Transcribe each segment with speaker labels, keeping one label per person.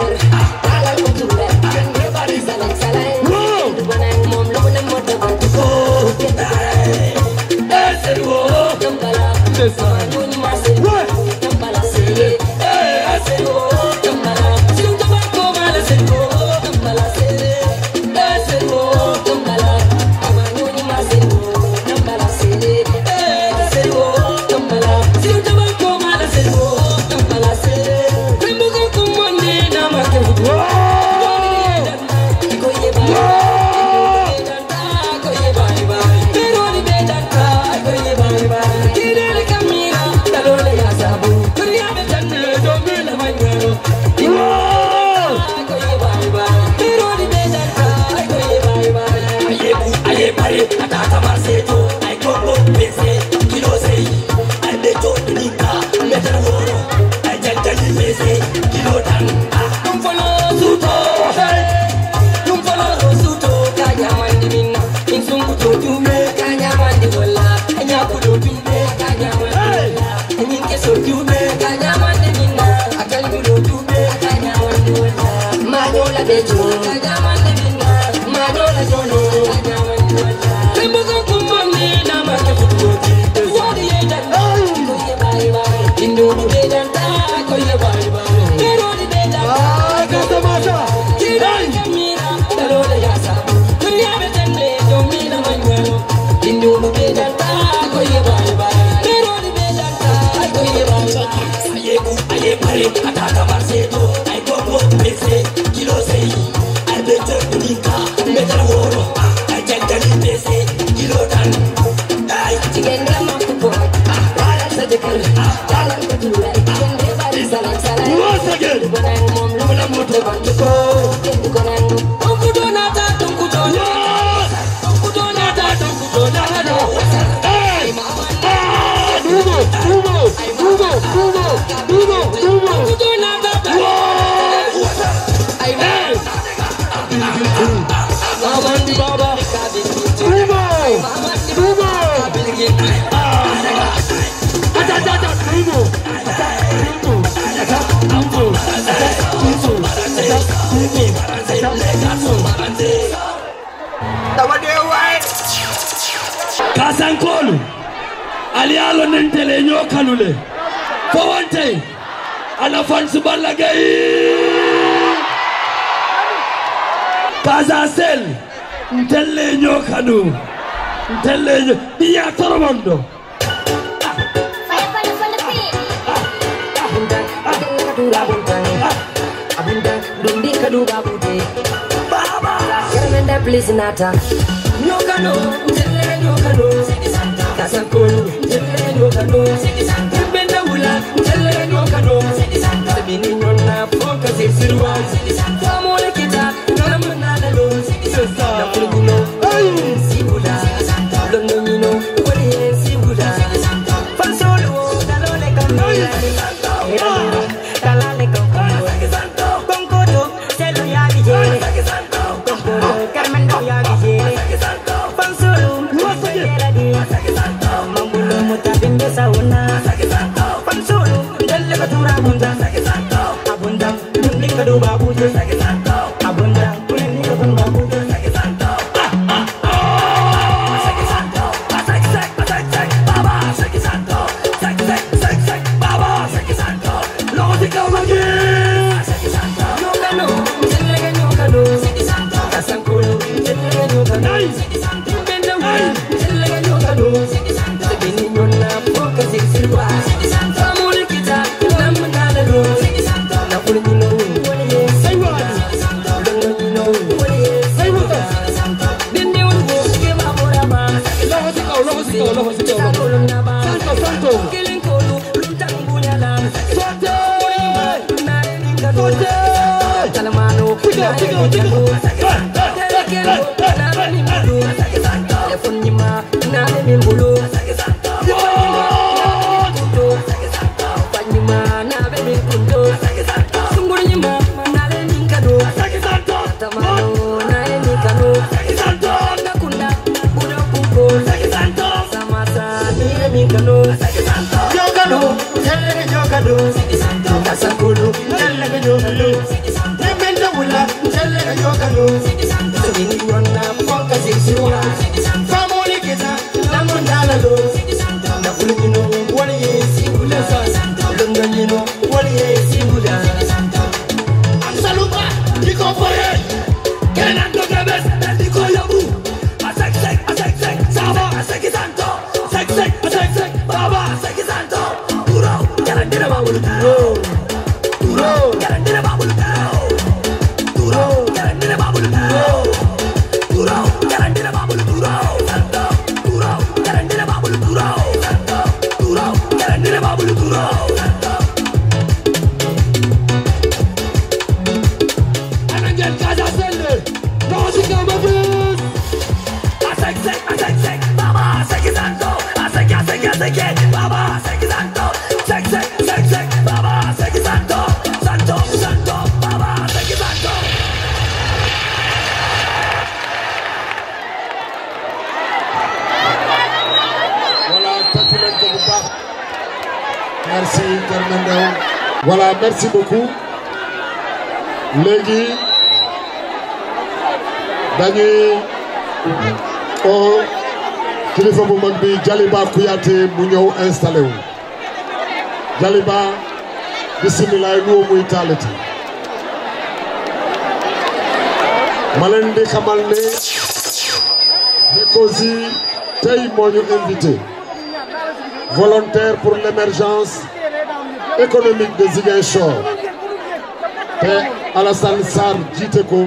Speaker 1: Thank you. kasankolo alialo nentele nyokalule fowante alafansu ballagei kasasel ntelle nyokanu ntelle diya toromondo Dundi kaduga Santa Blizzanata Nyokano, mzele no sidi Santa Kasakolo, mzele nyokano, Santa Santa Santa
Speaker 2: Malende muy taalati invité
Speaker 3: volontaire pour l'émergence économique de Ziguinchor Et Alassane Sarr
Speaker 2: jiite Djiteko.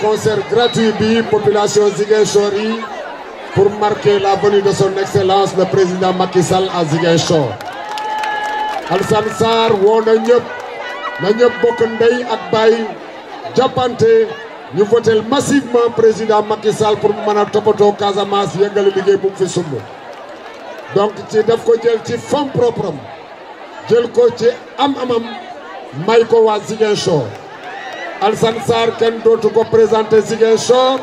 Speaker 2: concert gratuit la population Ziguinchor pour marquer la venue de son excellence le président Macky Sall à Ziguinchor Alassane Sarr woo na ñëpp na ñëpp bokk ndey ak baay jàppante ñu votel massivement président Macky Sall pour mu mën a toppatoo Casamance yëngale liggéey bu mu fi sumb donc ci daf ko jël ci fond propre jël ko ci am amam may ko waa Ziguinchor Alassane Sarr kenn dootu ko présenté Ziguinchor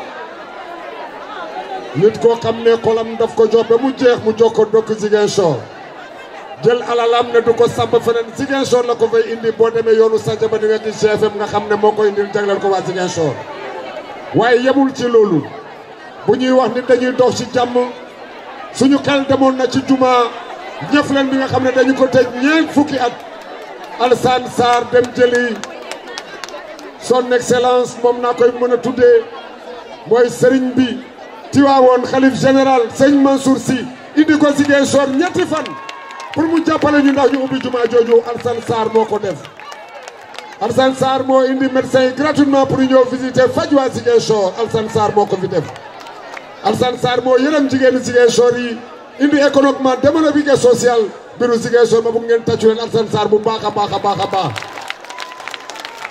Speaker 2: nit koo xam ne xolam daf ko jox mu jeex mu jox ko dokk Ziguinchor jël alalam ne du ko samp feneen Ziguinchor la ko fay indi boo demee yoonu Sandiaba ba di weti GFM nga xam ne moo ko indil jagleel ko waa Ziguinchor waaye yemul ci loolu bu ñuy wax ni dañuy dox ci jàmm suñu xel demoon na ci juma Ñafleen bi nga xam ne dañu ko teg ñeent fukki at Alassane Sarr dem jëli son excellence moom naa koy mën a tuddee mooy sëriñ bi Tiwaawoon xalif général sëñ Mansour si indi ko Ziguinchor ñetti fan jàppale ñu ndax ñu ubbi jumaa jooju Alassane Sarr moo ko def Alassane moo indi médecin yi gratuitement pour ñu ñëw faj waa Ziguinchor Alassane Sarr moo ko fi def Alassane Sarr moo yërëm jigéenu Ziguinchor yi indi économiquement démographique et social mbiru Ziguinchor ma bëgg ngeen tàccu leen Alassane Sarr bu baax a baax a baax a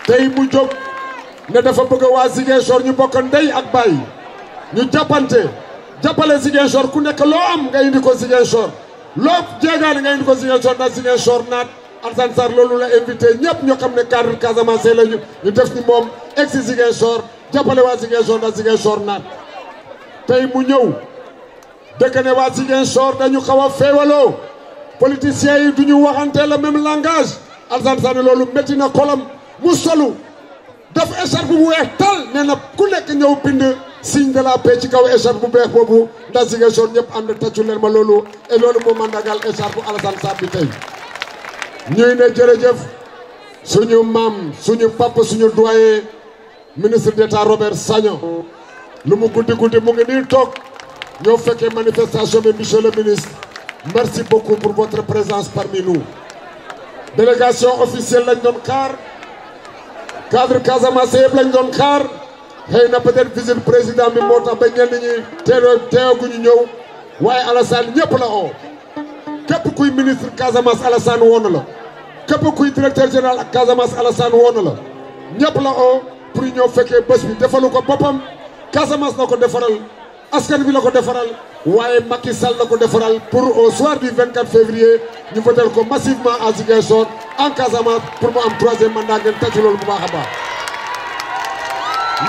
Speaker 2: baax mu jóg ne dafa bëgg waa Ziguinchor ñu bokk ndey ak baay ñu jàppante jàppale Ziguinchor ku nekk loo am nga indi ko Ziguinchor loo jéegaale nga indi ko Ziguinchor na Ziguinchor naat Alassane Sarr loolu la invité ñëpp ñoo xam ne cadre Casamance lañu ñu def ni moom egg si Ziguinchor jàppale waa Ziguinchor na Ziguinchor naat tey mu ñëw dëkk ne waa Ziguinchor dañu xaw a féewaloo politiciens yi du ñu waxante le même langage Alassane Sarr ne loolu métti na xolam mu solu daf écharpe bu weex tal nee na ku nekk ñëw bind signe de la paix ci kaw écharpe bu bobu leen ma mandagal écharpe Alassane sabbi papa suñu ministre d'État Robert Sagnon lu mu ngi ñoo manifestation monsieur le ministre merci beaucoup pour votre présence parmi nous délégation officielle lañ cadre xëy na peut-être visite président bi moo tax ba ñenn ñi teeloo teewaguñu ñëw waaye Alassane ñëpp la oo képp kuy ministre Casamance Alassane woon na la képp kuy directeur général ak Casamance Alassane woon na la ñëpp la oo pour ñëw fekkee bés bi defalu ko boppam Casamance la ko defaral askan bi la ko defaral waaye Macky Sall la ko defaral pour au soir du 24 février ñu votel ko massivement à Ziguinchor en Casamance pour mu am troisième mandat ngeen tàcc loolu bu baax a baax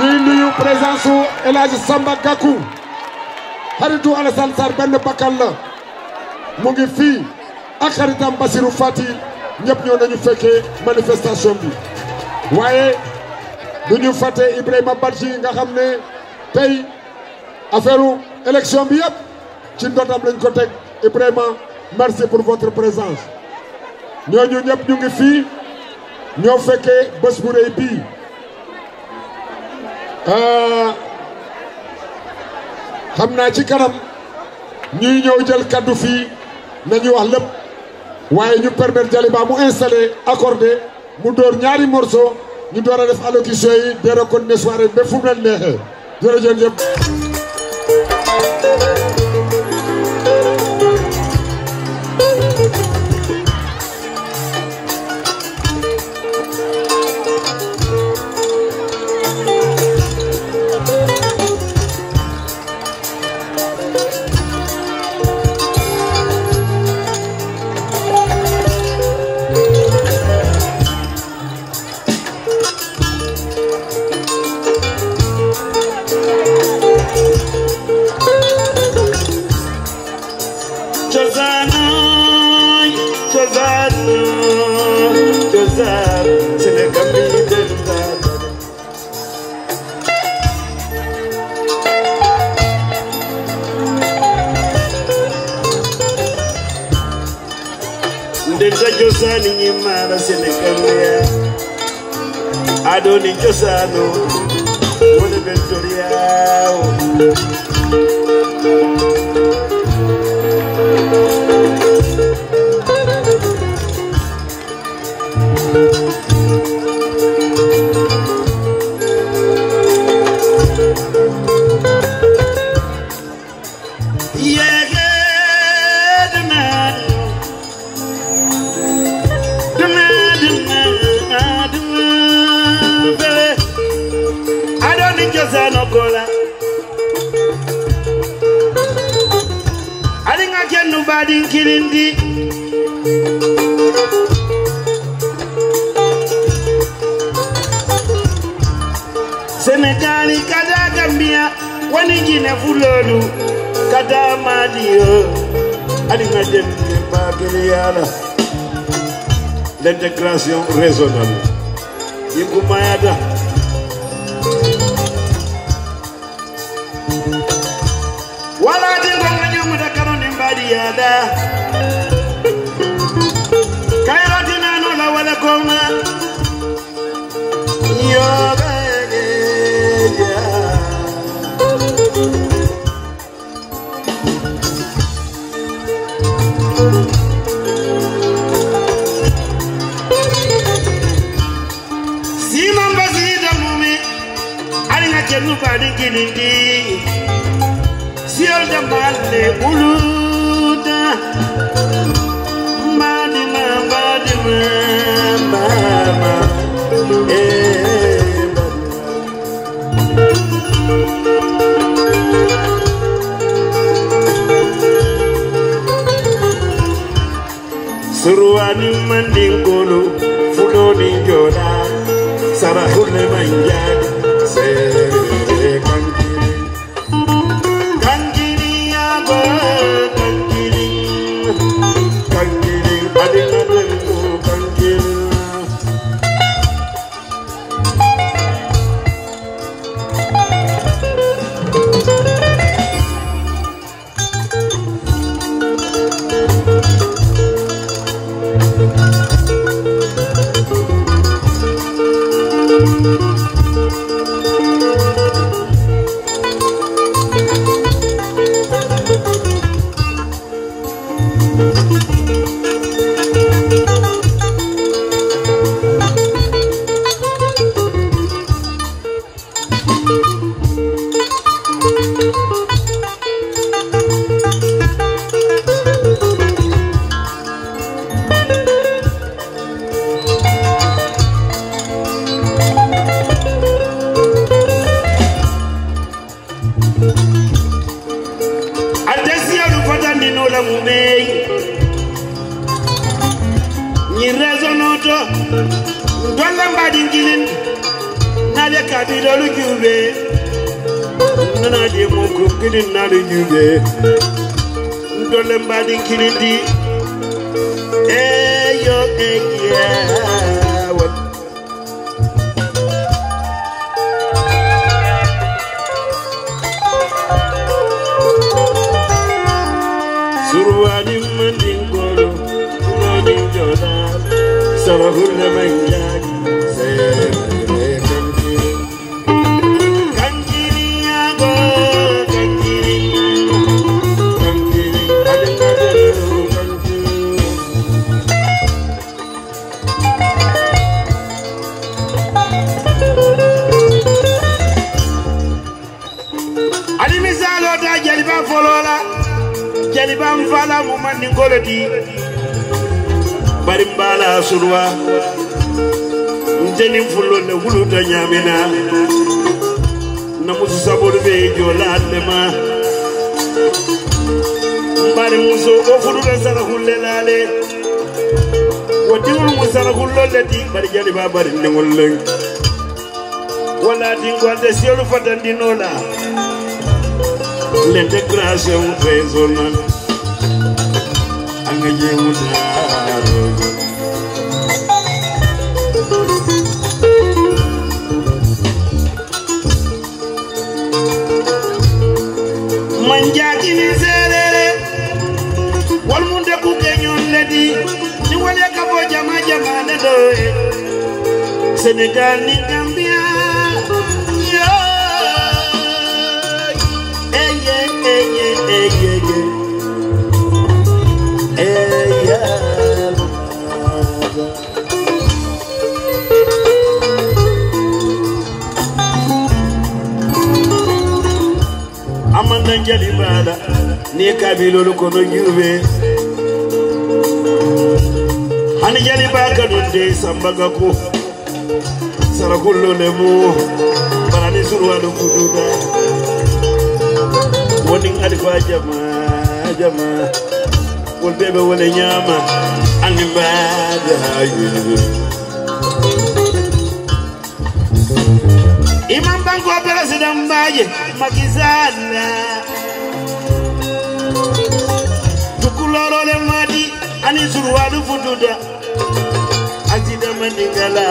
Speaker 2: ñuy nuyu présence su El Hadj Samba Gakou xaritu Alassane Sarr benn bakkan la mu ngi fii ak Bassirou Fati ñëpp ñoo nañu fekkee manifestation bi waaye du ñu fàtte Ibrahima Badji nga xam ne tey affaire élection bi yëpp ci ndotam lañ ko teg Ibrahima merci pour votre présence ñooñu ñëpp ñu ngi fi ñoo fekkee bés bu rëy bii xam naa ci kanam ñuy ñëw jël kaddu fii nañu wax lépp waaye ñu permettre Jaliba mu installé accordé mu door ñaari morceau ñu door a def allocution yi de reconnaître soirée ba fu mu leen neexee jërëjëf jëpp Thank you.
Speaker 4: shani nyimara senekambea adoni josano mone bentoriao oh. kirindi senegali kada gambia wani jine fulolu kada madiyo adina dem bakiri yala
Speaker 5: l'intégration raisonnable yikumayada
Speaker 4: wala dingo nganyumuda kanoni mbadi yada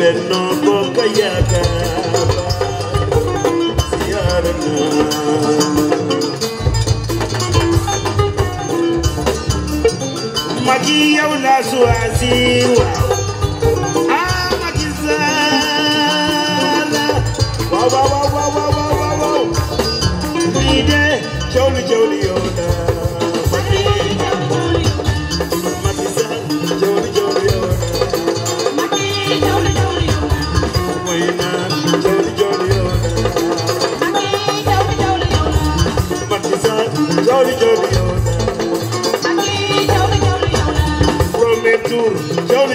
Speaker 4: ಬೆನ್ನು ಕೊಯ್ಯಾಗ Magi ya una suasi wow.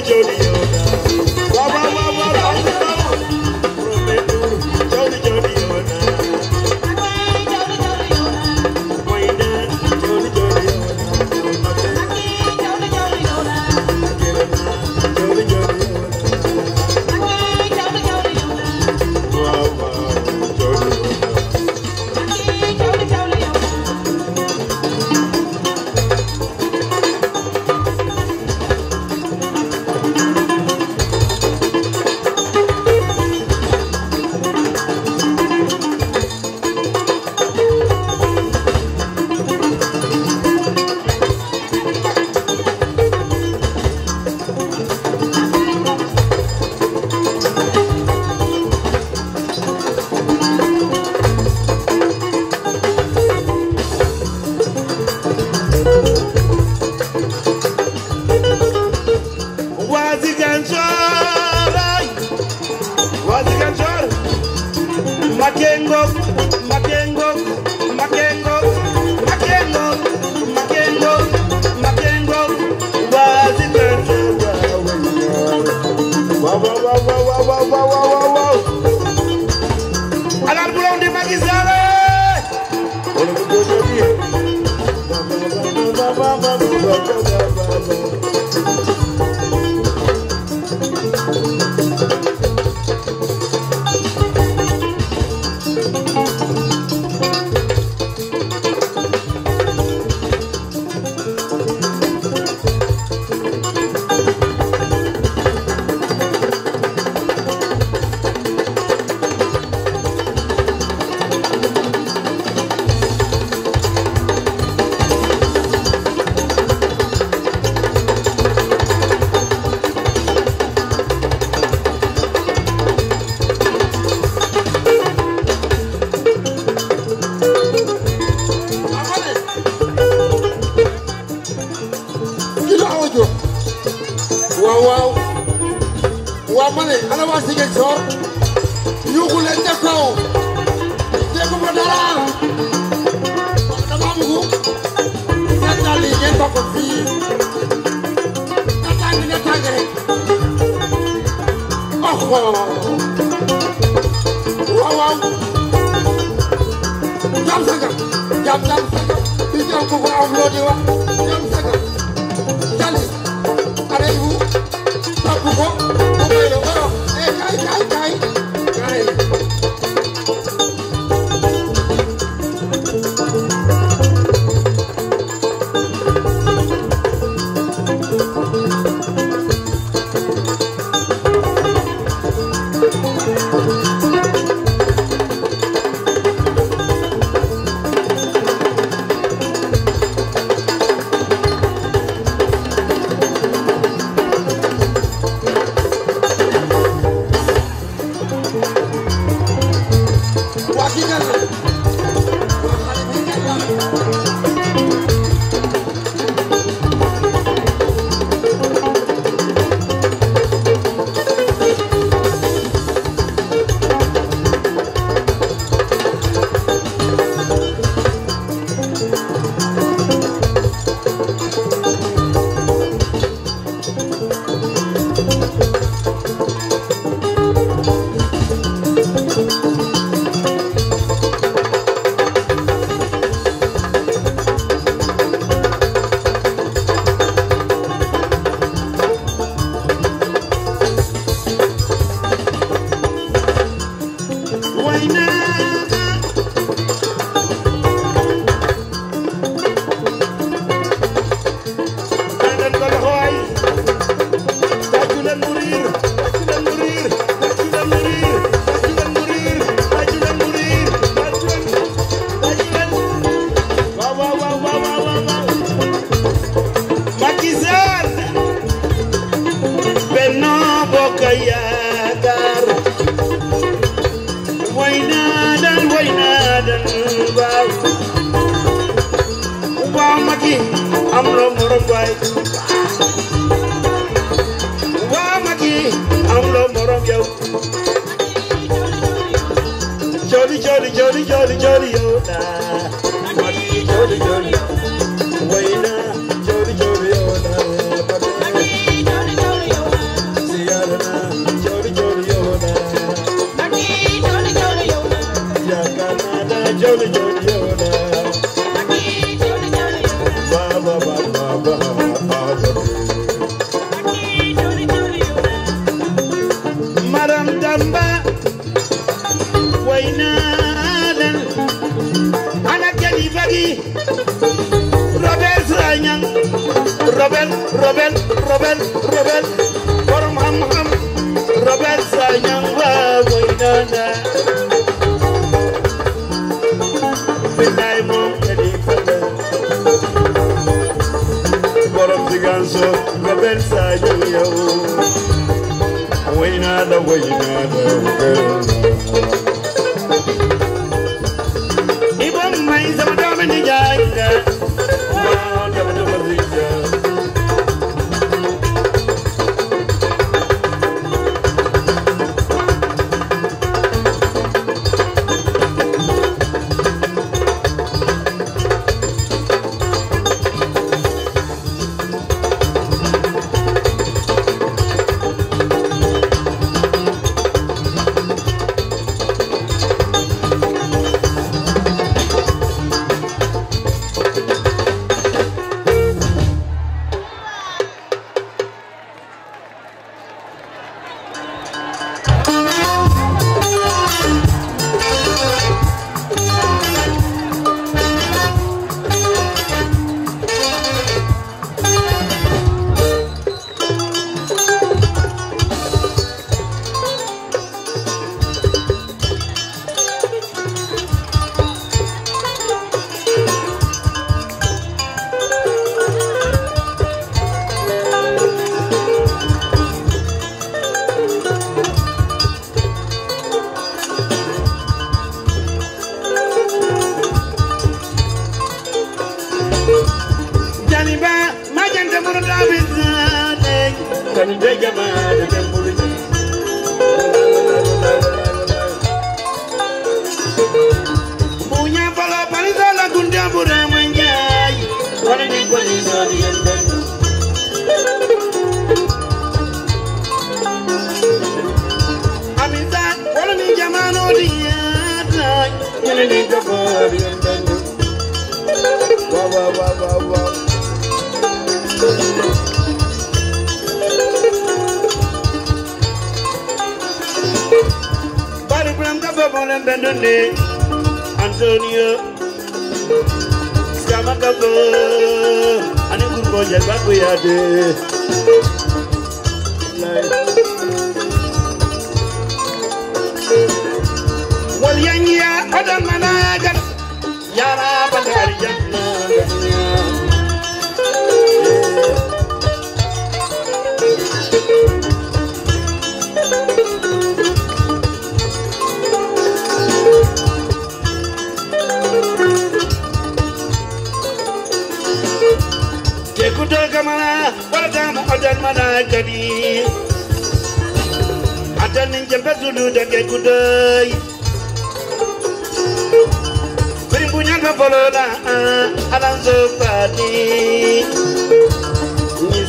Speaker 4: Jody.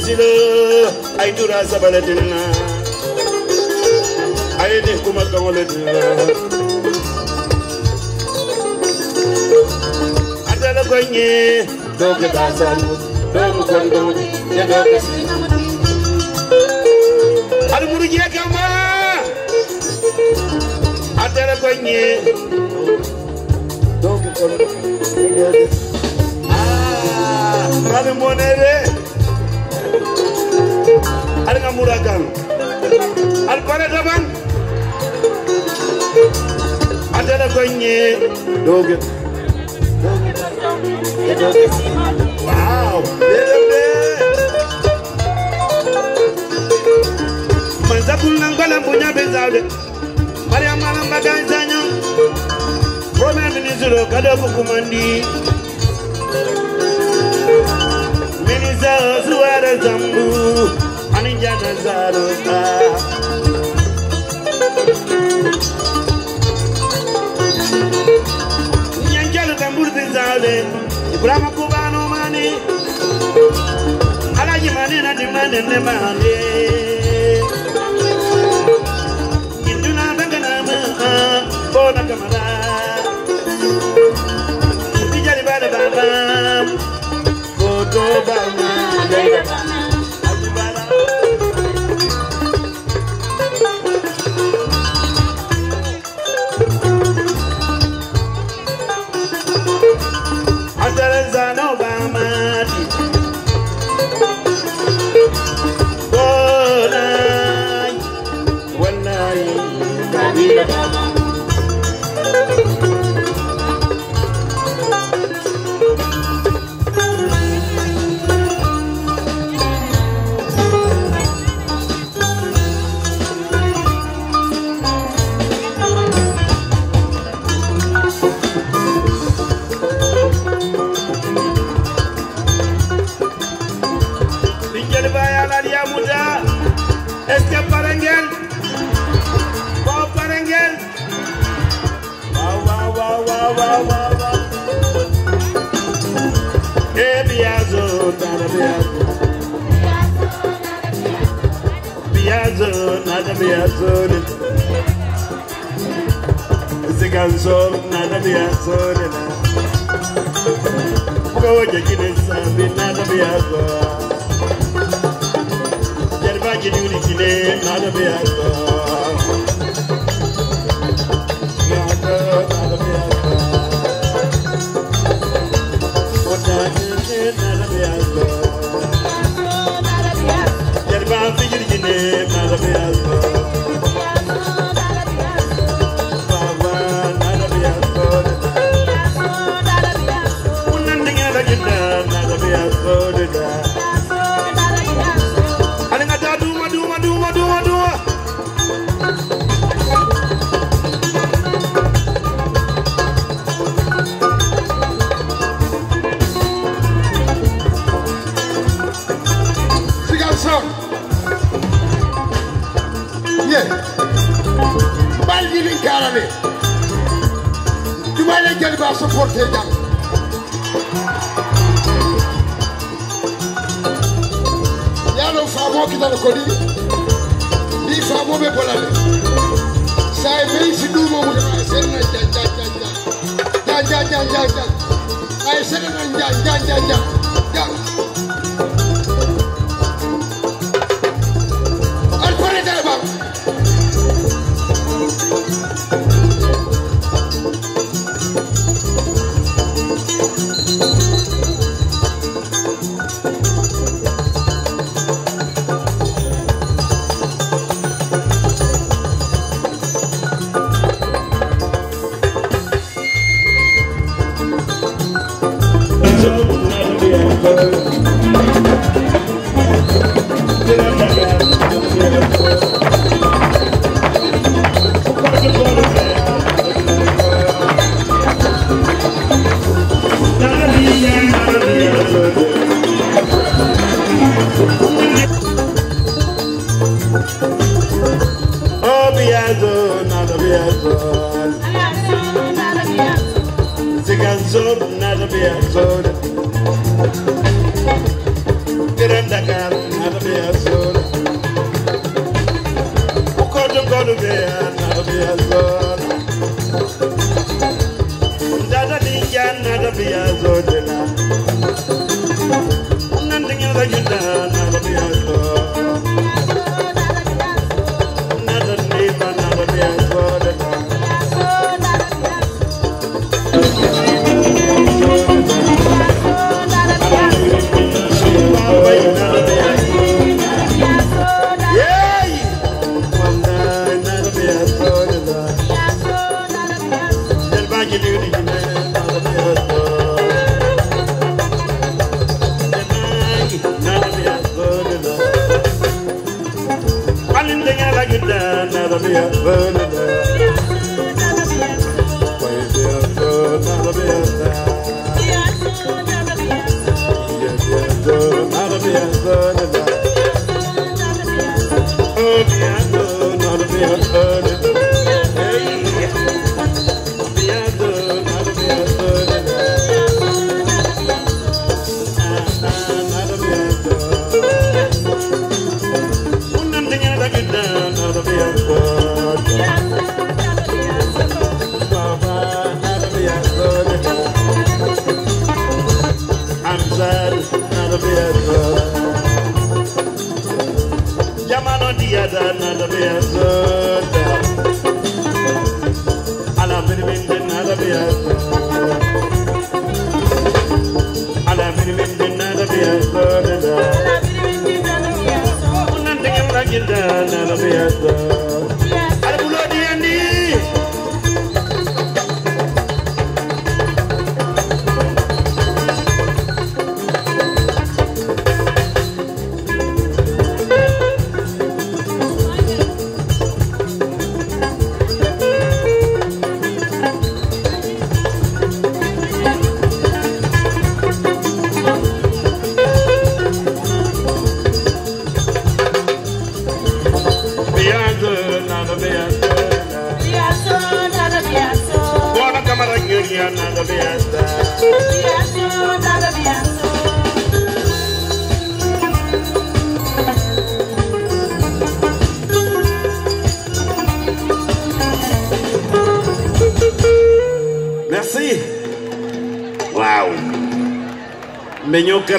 Speaker 4: zila ay dura sabale dinna ay din kuma kawale dinna adala gonye doga da sanu doga kondo ya doga ar murugi kama adala gonye doga kondo ya doga ah rabbi monere ada nggak murah kan ada pada kapan ada ada konyol doge wow Manzapul nangkala punya bezaude Mariam malam bagai zanyong Roman Ministro kada hukumandi Minister Suara Zambu vijana zarota nyanjalo tamburti zale ibrahima kubano mani alaji manina dimane ne mani induna dangana ma bona kamara vijali bale baba Go, go, go, go,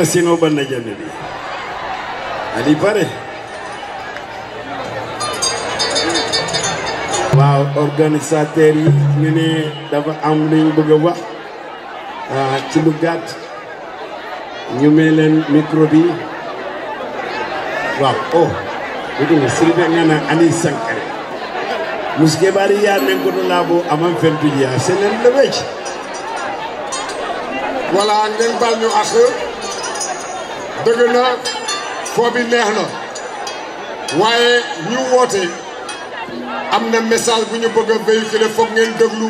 Speaker 5: sino banna jambe ɗi ali pare waaw organisateur yi ñu ne dafa am luñ bëgg a wax ah, ci lu gàtt ñu may leen micro bi waaw oh ɗum sirbe ngana ani sankare muske bari ya men ko labo aman fentu ya senen lewej wala
Speaker 2: ngeng banyu akh dëgg na foo bi neex na waaye ñu woote am na message bu ñu bëgg a véhiculer foog ngeen déglu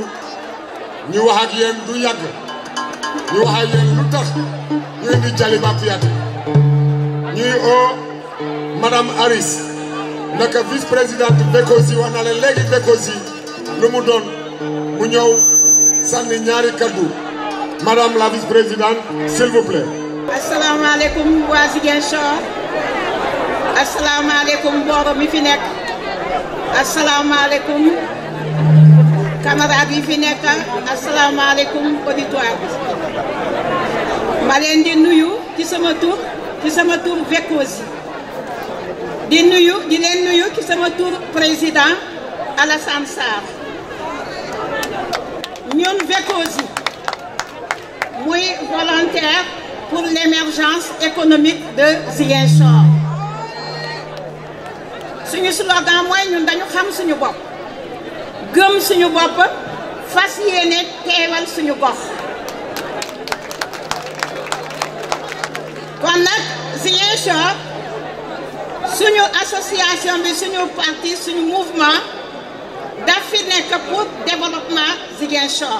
Speaker 2: ñu wax ak yéen du yàgg ñu wax ak yéen lu tax ñu indi Jaliba Kuyateh ñuy oo madame Aris naka vice présidente Bekosi wax na leen lu mu doon mu ñëw sànni ñaari kaddu madame la vice présidente s'il
Speaker 6: Assalamu alaikum, Ziguinchor asalaamaaleykum mbooloo mi fi fi auditoire di nuyu ci sama ci sama di nuyu di nuyu ci sama président Alassane volontaire pour l'émergence économique de Ziguinchor suñu slogan mooy ñun dañu xam suñu bopp gëm suñu bopp fas yéene teewal suñu gox kon nag Ziguinchor suñu association bi suñu parti suñu mouvement daf fi nekk pour développement Ziguinchor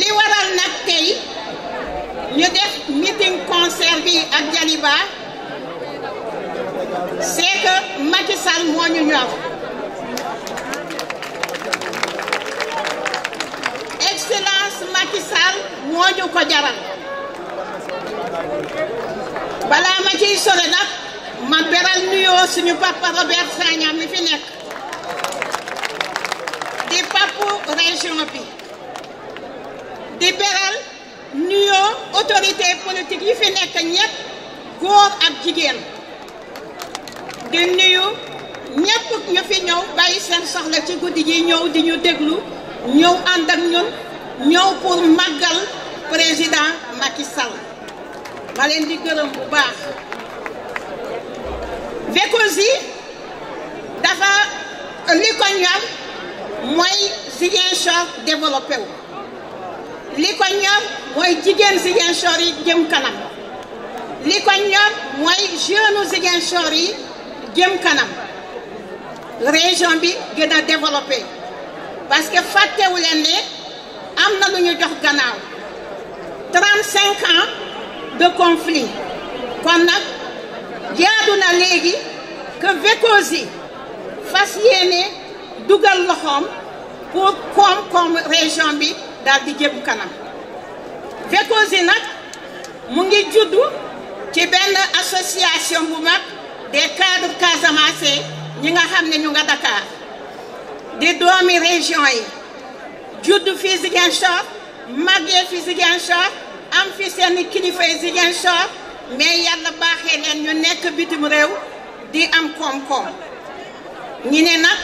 Speaker 6: li waral nag tey ñu def meeting conservé à ak c'est que Macky Sall ñu excellence Macky Sall moo ñu ko jaral ma ciy sore si ma beral c'est suñu papa Robert Sagna mi fi Des di papu région bi di nuyoo autorité politique yi fi nekk ñëpp góor ak jigéen di nuyu ñëpp ñu fi ñëw bàyyi seen soxla ci guddi ji ñëw di ñu déglu ñëw ànd ak ñun ñëw pour màggal président Macky Sall di gërëm bu baax Veecozi dafa li mooy Ziguinchor développé li ko ñor mooy jigéen Ziguinchor yi jëm kanam li ko ñor mooy jeune Ziguinchor yi jëm kanam région bi gën a développé parce que fàttewu leen ne am na lu ñu jox gannaaw 35 ans de conflit kon nag jaadu na léegi que Veecozi fas yéene dugal loxoom pour koom-koom région bi. daldi jëm kanam Veecozi nag mu ngi juddu ci benn association bu mag des cadres casamançais ñi nga xam ne ñu nga Dakar di doomi région yi juddu fii Ziguinchor màggee fi Ziguinchor am fi seen kilifa yi Ziguinchor mais yàlla baaxee leen ñu nekk bitim réew di am koom-koom ñi ne nag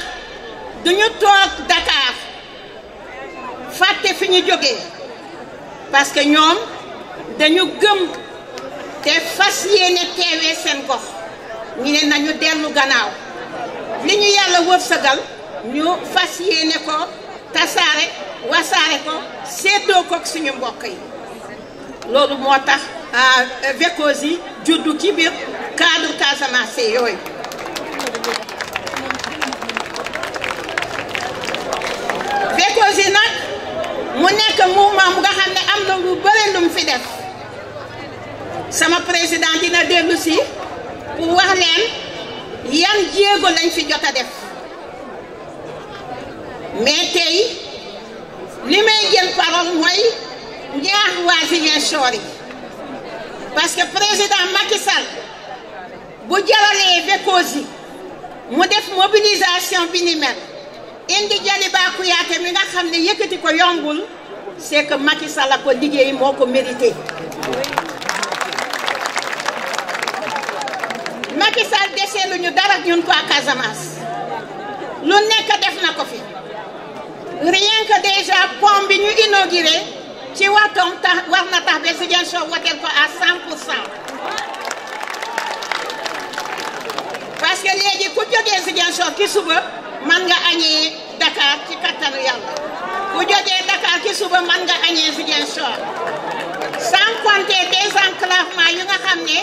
Speaker 6: duñu toog Dakar fàtte fi ñu jóge parce que ñoom dañu gëm te fas yéene teewee seen gox ñu ne nañu dellu gannaaw li ñu yàlla wërsëgal ñu fas yéene ko tasaare wasaare ko seetoo ko suñu mbokk yi loolu moo tax Veecozi yi juddu ci biir cadre Casamance yooyu Veecozi nag mu nekk mouvement mu nga xam ne am na lu bëri lu mu fi def sama président dina dellu si pour wax leen yan jéego lañ fi jot a def mais tey li may jël parole mooy yi parce que président Macky Sall bu jaralee Veecozi mu def mobilisation bi ni mel indi Jaliba mi nga xam ne yëkkati ko yombul c'est que Macky Sall ko liggéey moo mérité Macky Sall dara ñun ko Casamance lu nekk def na ko rien que déjà pont bi ñu inauguré ci waxtoom tax war na tax ba Ziguinchor à 100 parce que léegi ku jógee ki suba man nga agné Dakar ci katanu yalla bu jogé Dakar ci suba man nga añee Ziguinchor sans compter désenclavement yu nga xamné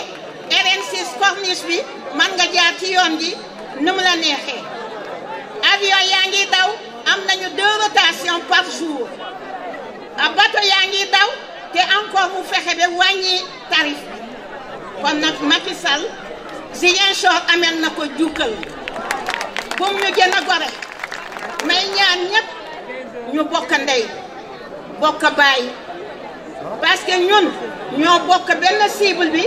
Speaker 6: RN6 corniche bi man nga jaar ci yoon bi nu la nexé avion yaangi ngi daw am nañu deux rotations par jour bato yaa ngi daw té encore mu fexé ba wañi tarif bi kon nag Macky Sall Ziguinchor amel nako djukal bu mu ñu gën a gore may ñaan ñëpp ñu bokk ndey bokk baay parce ñun ñoo bokk benn cible bi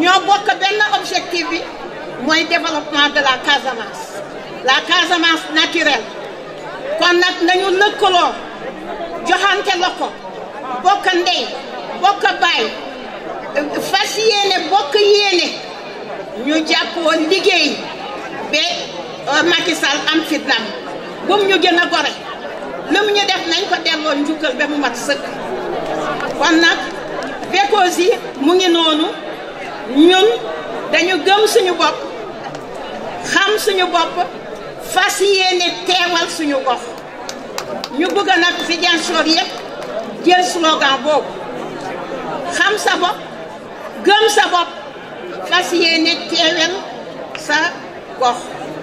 Speaker 6: ñoo bokk benn objectif bi mooy développement de la Casamance la Casamance naturelle kon nag nañu lëkkaloo joxante la ko bokk ndey bokk baay fas yéene bokk yéene ñu jàppoo liggéey ba Euh, Macky Sall am fit nam bum ñu gën a gore lu mu ñu def nañ ko delloo njukkal ba mu mat sëkk kon nag Pecos yi mu ngi noonu ñun dañu gëm suñu bopp xam suñu bopp fas yéene teewal suñu gox ñu bëgg nag si Ziguinchor yëpp jël slogan boobu xam sa bopp gëm sa bopp fas yéene teewal sa gox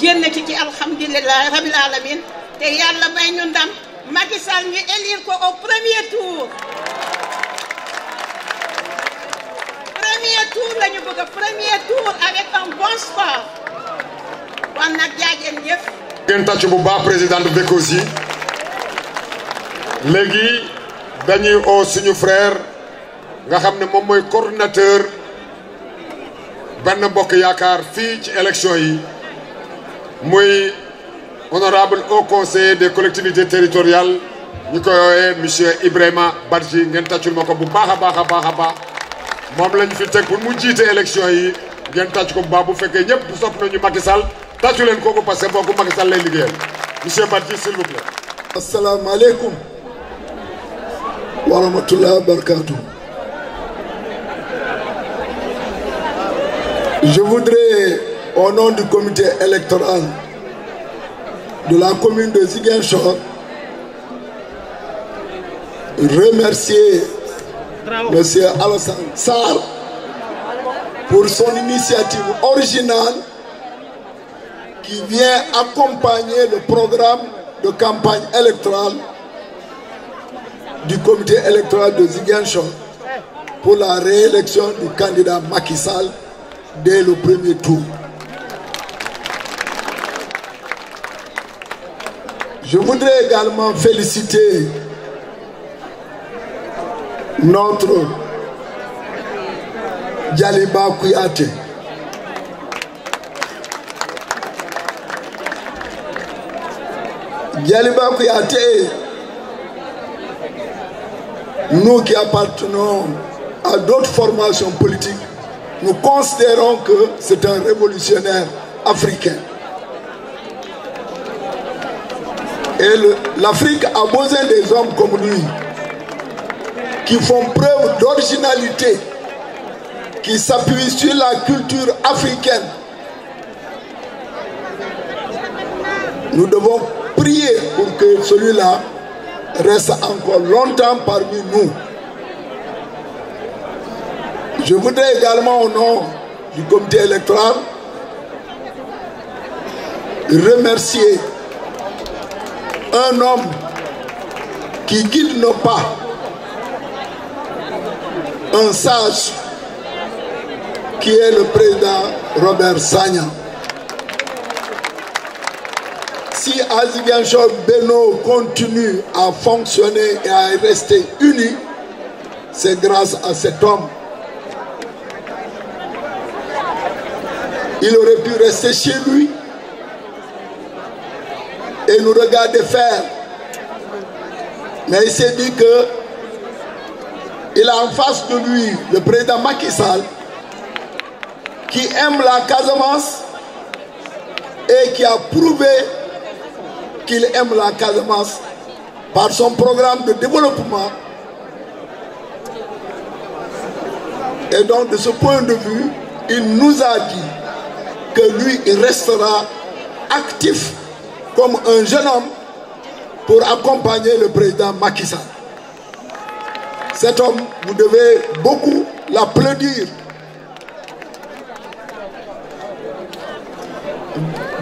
Speaker 6: génnati ci alhamdulilah rabil alamin te yàlla may ñu ndam Macky ñu élire ko au premier tour premier tour la ñu premier tour avec un bon score kon nag jaajeen yëpp
Speaker 2: ngeen bu baax présidente Veecozi léegi dañuy oo suñu frère nga xam ne moom mooy coordinateur benn mbokk yaakaar fii ci élection yi muy honorable haut conseiller des collectivités territoriales ñu koy monsieur Ibrahima Badji ngén tatchul mako bu baax a baax ba mom a lañ fi teg pour mu jité élection yi ngén tatch ko bu baax bu fekkee ñëpp sopp nañu Macky Sall tatchu len kooku parce que Macky Sall lay liggéeyal monsieur Badji s'il vous plaît. asalaamaaleykum. wa rahmatulah wa barakatuh. Je voudrais au nom du comité électoral de la commune de Ziguinchor, remercier monsieur Alassane Sarr pour son initiative originale qui vient accompagner le programme de campagne électorale du comité électoral de Ziguinchor pour la réélection du candidat Macky dès le premier tour. Je voudrais également féliciter notre Djaliba Kouyaté. Djaliba Kouyaté, nous qui appartenons à d'autres formations politiques, nous considérons que c'est un révolutionnaire africain. Et l'Afrique a besoin des hommes comme lui, qui font preuve d'originalité, qui s'appuient sur la culture africaine. Nous devons prier pour que celui-là reste encore longtemps parmi nous. Je voudrais également, au nom du comité électoral, remercier un homme qui guide nos pas, un sage qui est le président Robert Sagna. Si Aziganchor Beno continue à fonctionner et à rester uni, c'est grâce à cet homme. Il aurait pu rester chez lui, et nous regarder faire. Mais il s'est dit que il a en face de lui le président Macky Sall qui aime la Casemance et qui a prouvé qu'il aime la Casemance par son programme de développement. Et donc de ce point de vue, il nous a dit que lui, il restera actif comme un jeune homme pour accompagner le président Macky Cet homme, vous devez beaucoup l'applaudir.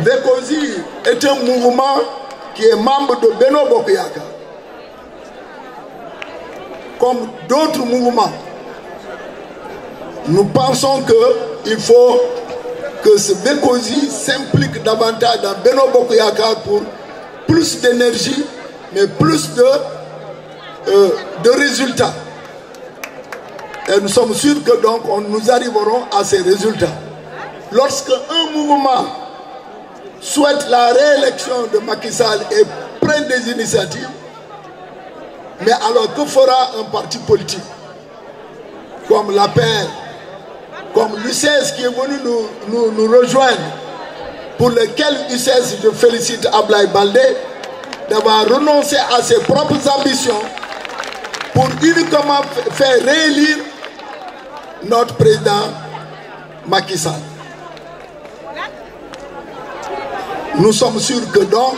Speaker 2: Décosi est un mouvement qui est membre de Beno Bokuyaka. Comme d'autres mouvements, nous pensons qu'il faut ce Bekoji s'implique davantage dans Beno pour plus d'énergie, mais plus de, euh, de résultats. Et nous sommes sûrs que donc on, nous arriverons à ces résultats. Lorsque un mouvement souhaite la réélection de Macky Sall et prenne des initiatives, mais alors que fera un parti politique comme la paix comme l'UCS qui est venu nous, rejoindre, pour lequel l'UCS, je félicite Ablaï Baldé d'avoir renoncé à ses propres ambitions pour uniquement faire réélire notre président Macky Sall. Nous sommes sûrs que donc,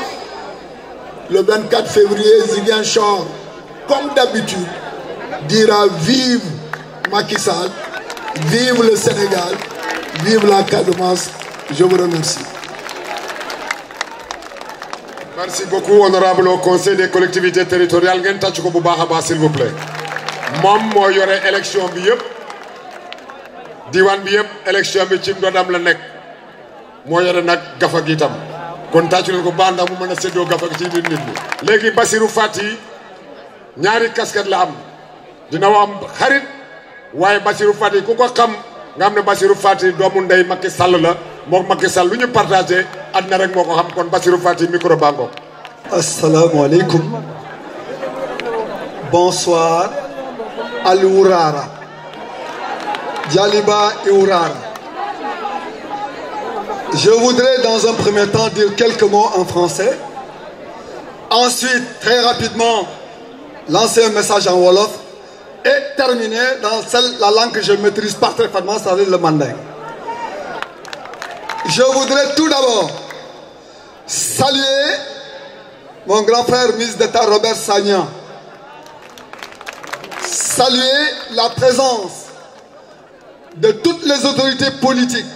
Speaker 2: le 24 février, Chor, comme d'habitude, dira vive Macky Sall Vive le Sénégal, vive la Casamance. Je vous remercie. Merci beaucoup, honorable au Conseil des collectivités territoriales. Ngeen tàcc ko bu s'il vous plaît. Mom, moi yore élection bi yëpp diwaan bi yëpp élection bi ci ndodam la nekk moo yore nag gafa gi itam kon tàccu leen ko baax ndax mu mën gafa ci nit Fati ñaari casquette la am dina waye Bassirou fati ku ko xam nga xam ne Bassirou Faty doomu ndey Macky Sall la moom Macky Sall lu ñu partager adna rek xam kon micro bonsoir aliwuraara Jaliba Iourara. Je voudrais dans un premier temps dire quelques mots en français. Ensuite, très rapidement, lancer un message en Wolof et terminer dans celle, la langue que je maîtrise parfaitement, c'est-à-dire le mandingue. Je voudrais tout d'abord saluer mon grand frère ministre d'État Robert Sagnan, saluer la présence de toutes les autorités politiques,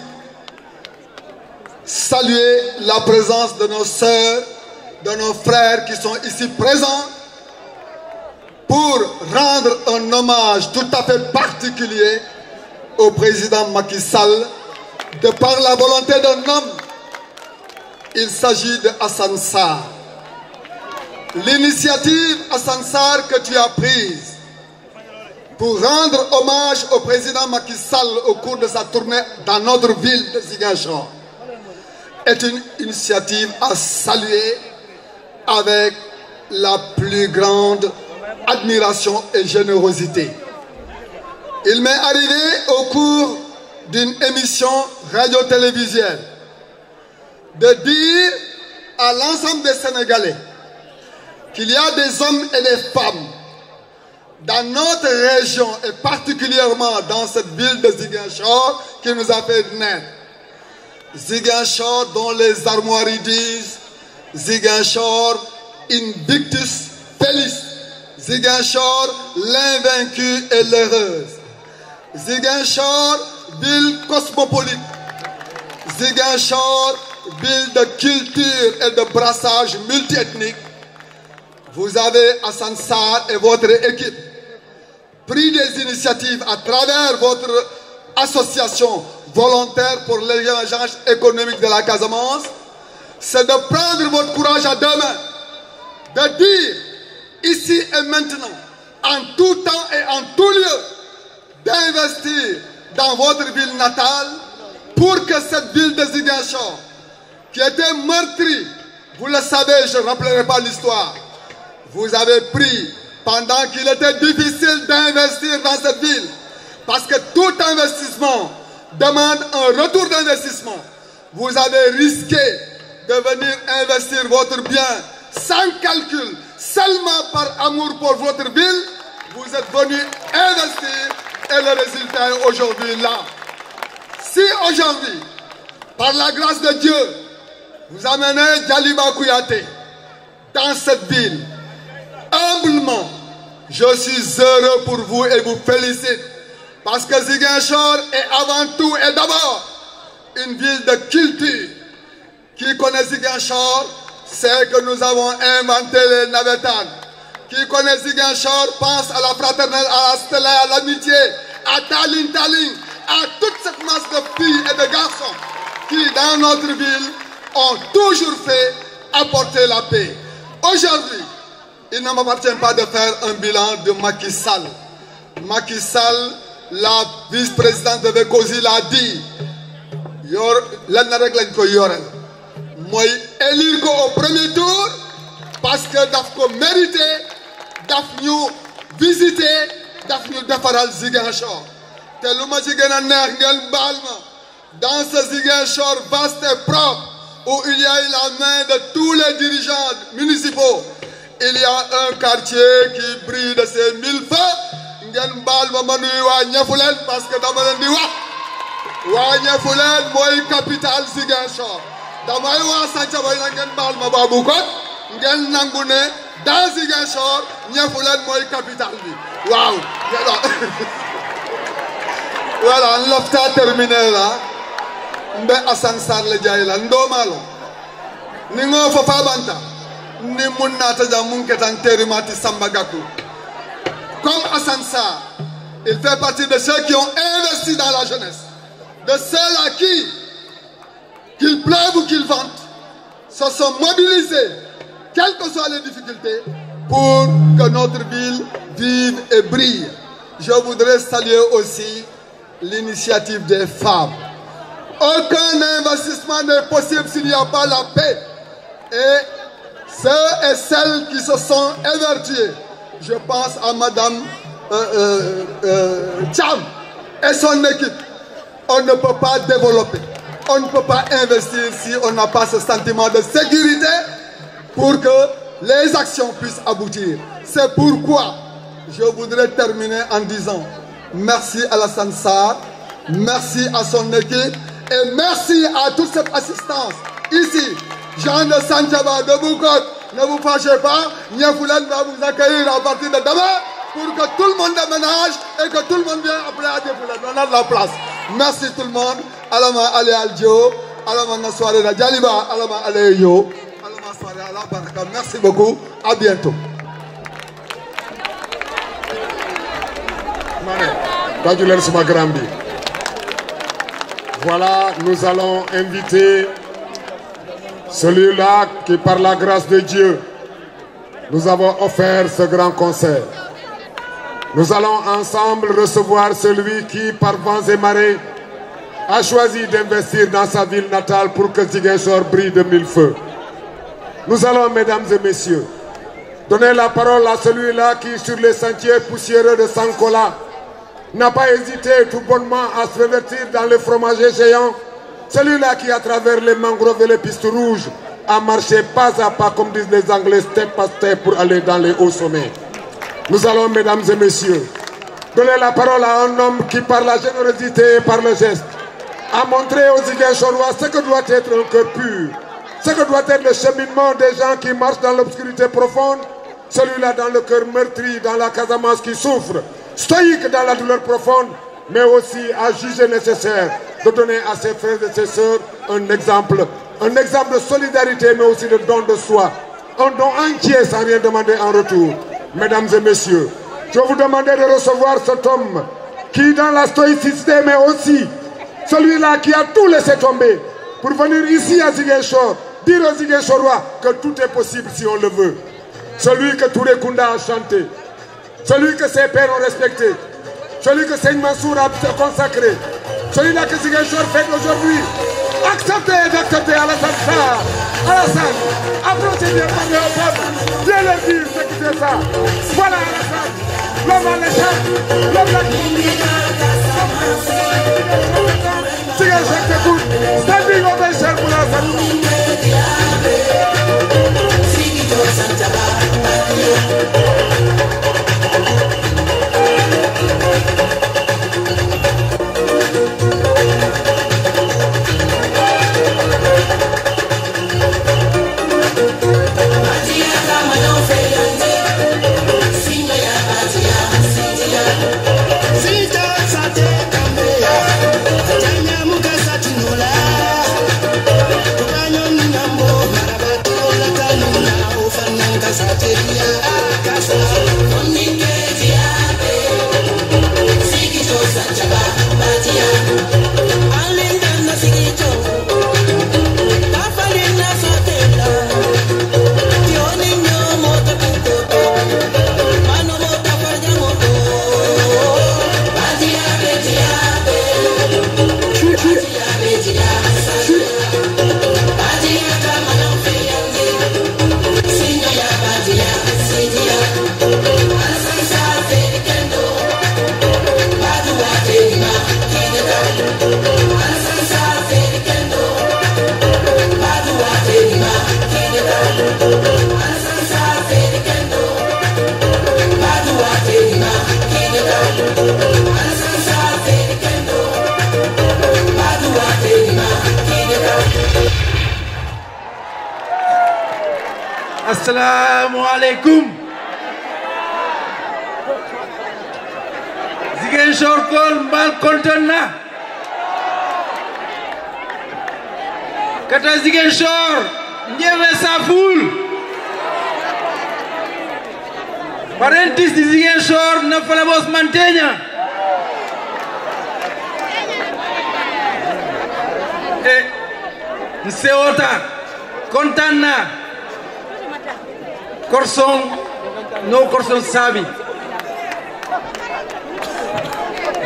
Speaker 2: saluer la présence de nos sœurs, de nos frères qui sont ici présents pour rendre un hommage tout à fait particulier au président Macky Sall de par la volonté d'un homme. Il s'agit de Hassan L'initiative Assansar que tu as prise pour rendre hommage au président Macky Sall au cours de sa tournée dans notre ville de Ziguinchor est une initiative à saluer avec la plus grande admiration et générosité. Il m'est arrivé au cours d'une émission radio-télévisuelle de dire à l'ensemble des Sénégalais qu'il y a des hommes et des femmes dans notre région et particulièrement dans cette ville de Ziguinchor qui nous a fait naître. Ziguinchor dont les armoiries disent Ziguinchor invictus felis. Ziguinchor, l'invaincu et l'heureuse. Ziguinchor, ville cosmopolite. Ziguinchor, ville de culture et de brassage multiethnique. Vous avez à et votre équipe pris des initiatives à travers votre association volontaire pour l'émergence économique de la Casamance. C'est de prendre votre courage à deux mains, de dire ici et maintenant, en tout temps et en tout lieu, d'investir dans votre ville natale pour que cette ville de qui était meurtrie, vous le savez, je ne rappellerai pas l'histoire, vous avez pris pendant qu'il était difficile d'investir dans cette ville, parce que tout investissement demande un retour d'investissement. Vous avez risqué de venir investir votre bien sans calcul, seulement par amour pour votre ville, vous êtes venus investir et le résultat est aujourd'hui là. Si aujourd'hui, par la grâce de Dieu, vous amenez Djaliba Kouyaté dans cette ville, humblement, je suis heureux pour vous et vous félicite parce que Ziguinchor est avant tout et d'abord une ville de culture. Qui connaît Ziguinchor c'est que nous avons inventé les Navetan. Qui connaît Ziguinchor pense à la fraternelle, à la à l'amitié, à Tallinn, Tallinn, à toute cette masse de filles et de garçons qui, dans notre ville, ont toujours fait apporter la paix. Aujourd'hui, il ne m'appartient pas de faire un bilan de Macky Sall. Macky Sall, la vice-présidente de Vekosi l'a dit je élire ko au premier tour parce que je ko mérité daf ñu visité daf ñu défaral Ziguinchor té luma neex dans ce Ziguinchor vaste et propre où il y a eu la main de tous les dirigeants municipaux il y a un quartier qui brille de ses mille feux Je suis ma parce que dama suis di wax wa ñafulen capitale Ziguinchor damay waa Santhiaba na ngeen baal ma baabu kon ngeen nangu ne dans Ziguinchor Ñefuleen mooy capitale bi waaw voilà n lofta terminer la mbe Assane Sarr le jaay la ndomaalo ningo fo fabanta ni mun naataja mun ketan terimati Samba Gakou comme Assane il fait partie de ceux qui ont investi dans la jeunesse de ceux-là qui qu'il pleuve ou qu'il vente, se sont mobilisés, quelles que soient les difficultés, pour que notre ville vive et brille. Je voudrais saluer aussi l'initiative des femmes. Aucun investissement n'est possible s'il n'y a pas la paix. Et ceux et celles qui se sont évertués, je pense à Madame euh, Cham euh, euh, et son équipe, on ne peut pas développer. On ne peut pas investir si on n'a pas ce sentiment de sécurité pour que les actions puissent aboutir. C'est pourquoi je voudrais terminer en disant merci à la Sansar, merci à son équipe et merci à toute cette assistance ici. Jean de Sanjaba de Boukot, ne vous fâchez pas, Niafoulen va vous accueillir à partir de demain pour que tout le monde déménage et que tout le monde vienne appeler à Niafoulen. la place. Merci tout le monde alama aljo alama la alama yo alama merci beaucoup à bientôt Voilà, nous allons inviter celui-là qui, par la grâce de Dieu, nous avons offert ce grand concert. Nous allons ensemble recevoir celui qui, par vents et marées, a choisi d'investir dans sa ville natale pour que Ziguinchor brille de mille feux. Nous allons, mesdames et messieurs, donner la parole à celui-là qui, sur les sentiers poussiéreux de Sankola, n'a pas hésité tout bonnement à se revertir dans le fromager géant. celui-là qui, à travers les mangroves et les pistes rouges, a marché pas à pas, comme disent les Anglais, step by step pour aller dans les hauts sommets. Nous allons, mesdames et messieurs, donner la parole à un homme qui, par la générosité et par le geste, à montrer aux Iguinchorois ce que doit être un cœur pur, ce que doit être le cheminement des gens qui marchent dans l'obscurité profonde, celui-là dans le cœur meurtri, dans la Casamance qui souffre, stoïque dans la douleur profonde, mais aussi à juger nécessaire de donner à ses frères et ses sœurs un exemple, un exemple de solidarité, mais aussi de don de soi, un don entier sans rien demander en retour. Mesdames et messieurs, je vous demander de recevoir cet homme qui, dans la stoïcité, mais aussi celui-là qui a tout laissé tomber pour venir ici à Ziguinchor, dire aux Ziguinchorois que tout est possible si on le veut. Celui que les Kunda a chanté, celui que ses pères ont respecté, celui que Seigne Mansour a consacré, celui-là que Ziguinchor fait aujourd'hui. Acceptez d'accepter Alassane Alassane,
Speaker 4: approchez bien de le peuple. Viens le dire ce qui c'est ça. Voilà Alassane, l'homme à l'échelle, l'homme Sigue gente cool. Standing ovation for us.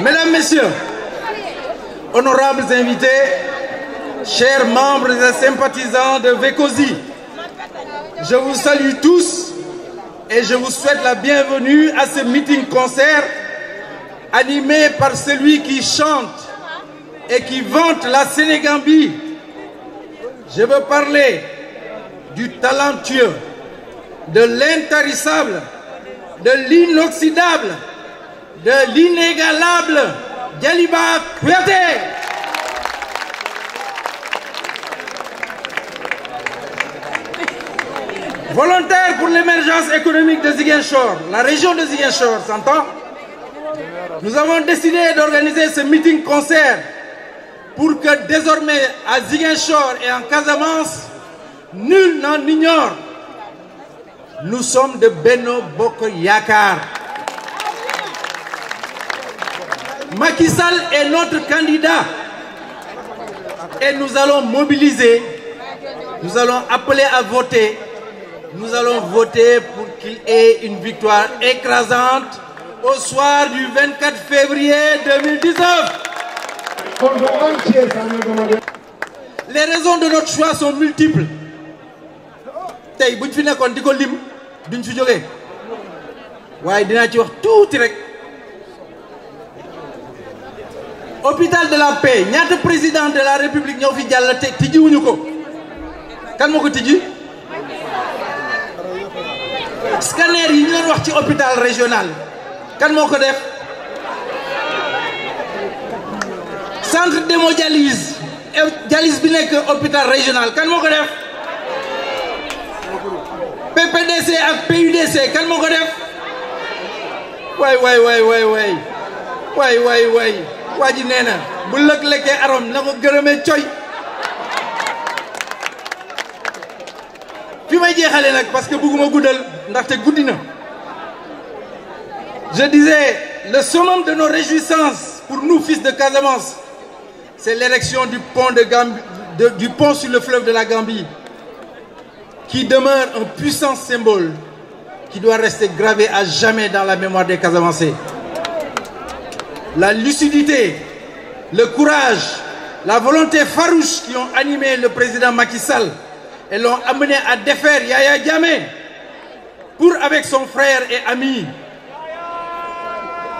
Speaker 7: Mesdames, Messieurs, honorables invités, chers membres et sympathisants de VECOSI, je vous salue tous et je vous souhaite la bienvenue à ce meeting-concert animé par celui qui chante et qui vante la Sénégambie. Je veux parler du talentueux, de l'intarissable, de l'inoxydable, de l'inégalable Djaliba Kouyaté. Volontaire pour l'émergence économique de Ziguinchor, la région de Ziguinchor, s'entend Nous avons décidé d'organiser ce meeting-concert pour que désormais à Ziguinchor et en Casamance, nul n'en ignore nous sommes de Beno Boko Yakar. Macky est notre candidat. Et nous allons mobiliser, nous allons appeler à voter, nous allons voter pour qu'il ait une victoire écrasante au soir du 24 février 2019. Les raisons de notre choix sont multiples duñ fi jogé waye dina ci wax touti rek hôpital de la paix ñaata président de la république ñoo fi jàll tiji wuñu ko kan moko tiji scanner yi ñu doon wax ci hôpital régional kan moko def centre d'hémodialyse dialyse bi nek hôpital régional kan moko def PPDC à PUDC quel oui, oui oui, oui. Oui, oui, oui. Oui, ouais arom parce que je disais le summum de nos réjouissances pour nous fils de Casamance c'est l'érection du pont de Gambie du pont sur le fleuve de la Gambie qui demeure un puissant symbole qui doit rester gravé à jamais dans la mémoire des Casavancés. La lucidité, le courage, la volonté farouche qui ont animé le président Macky Sall et l'ont amené à défaire Yaya Diamé pour avec son frère et ami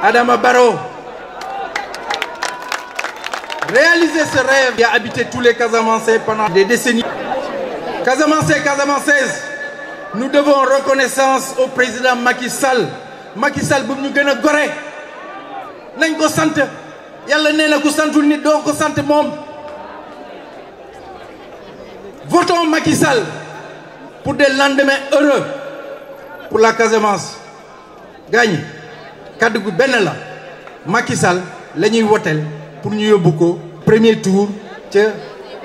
Speaker 7: Adama Barrow réaliser ce rêve qui a habité tous les Casavancés pendant des décennies et Casamance. nous devons reconnaissance au président Macky Sall Macky Sall bu ñu gën a gore nañ ko sant yàlla nee na ku nit votons Macky Sall pour des lendemains heureux pour la Casamance Gagne, kaddu gu Macky Sall la ñuy pour ñu premier tour tiens.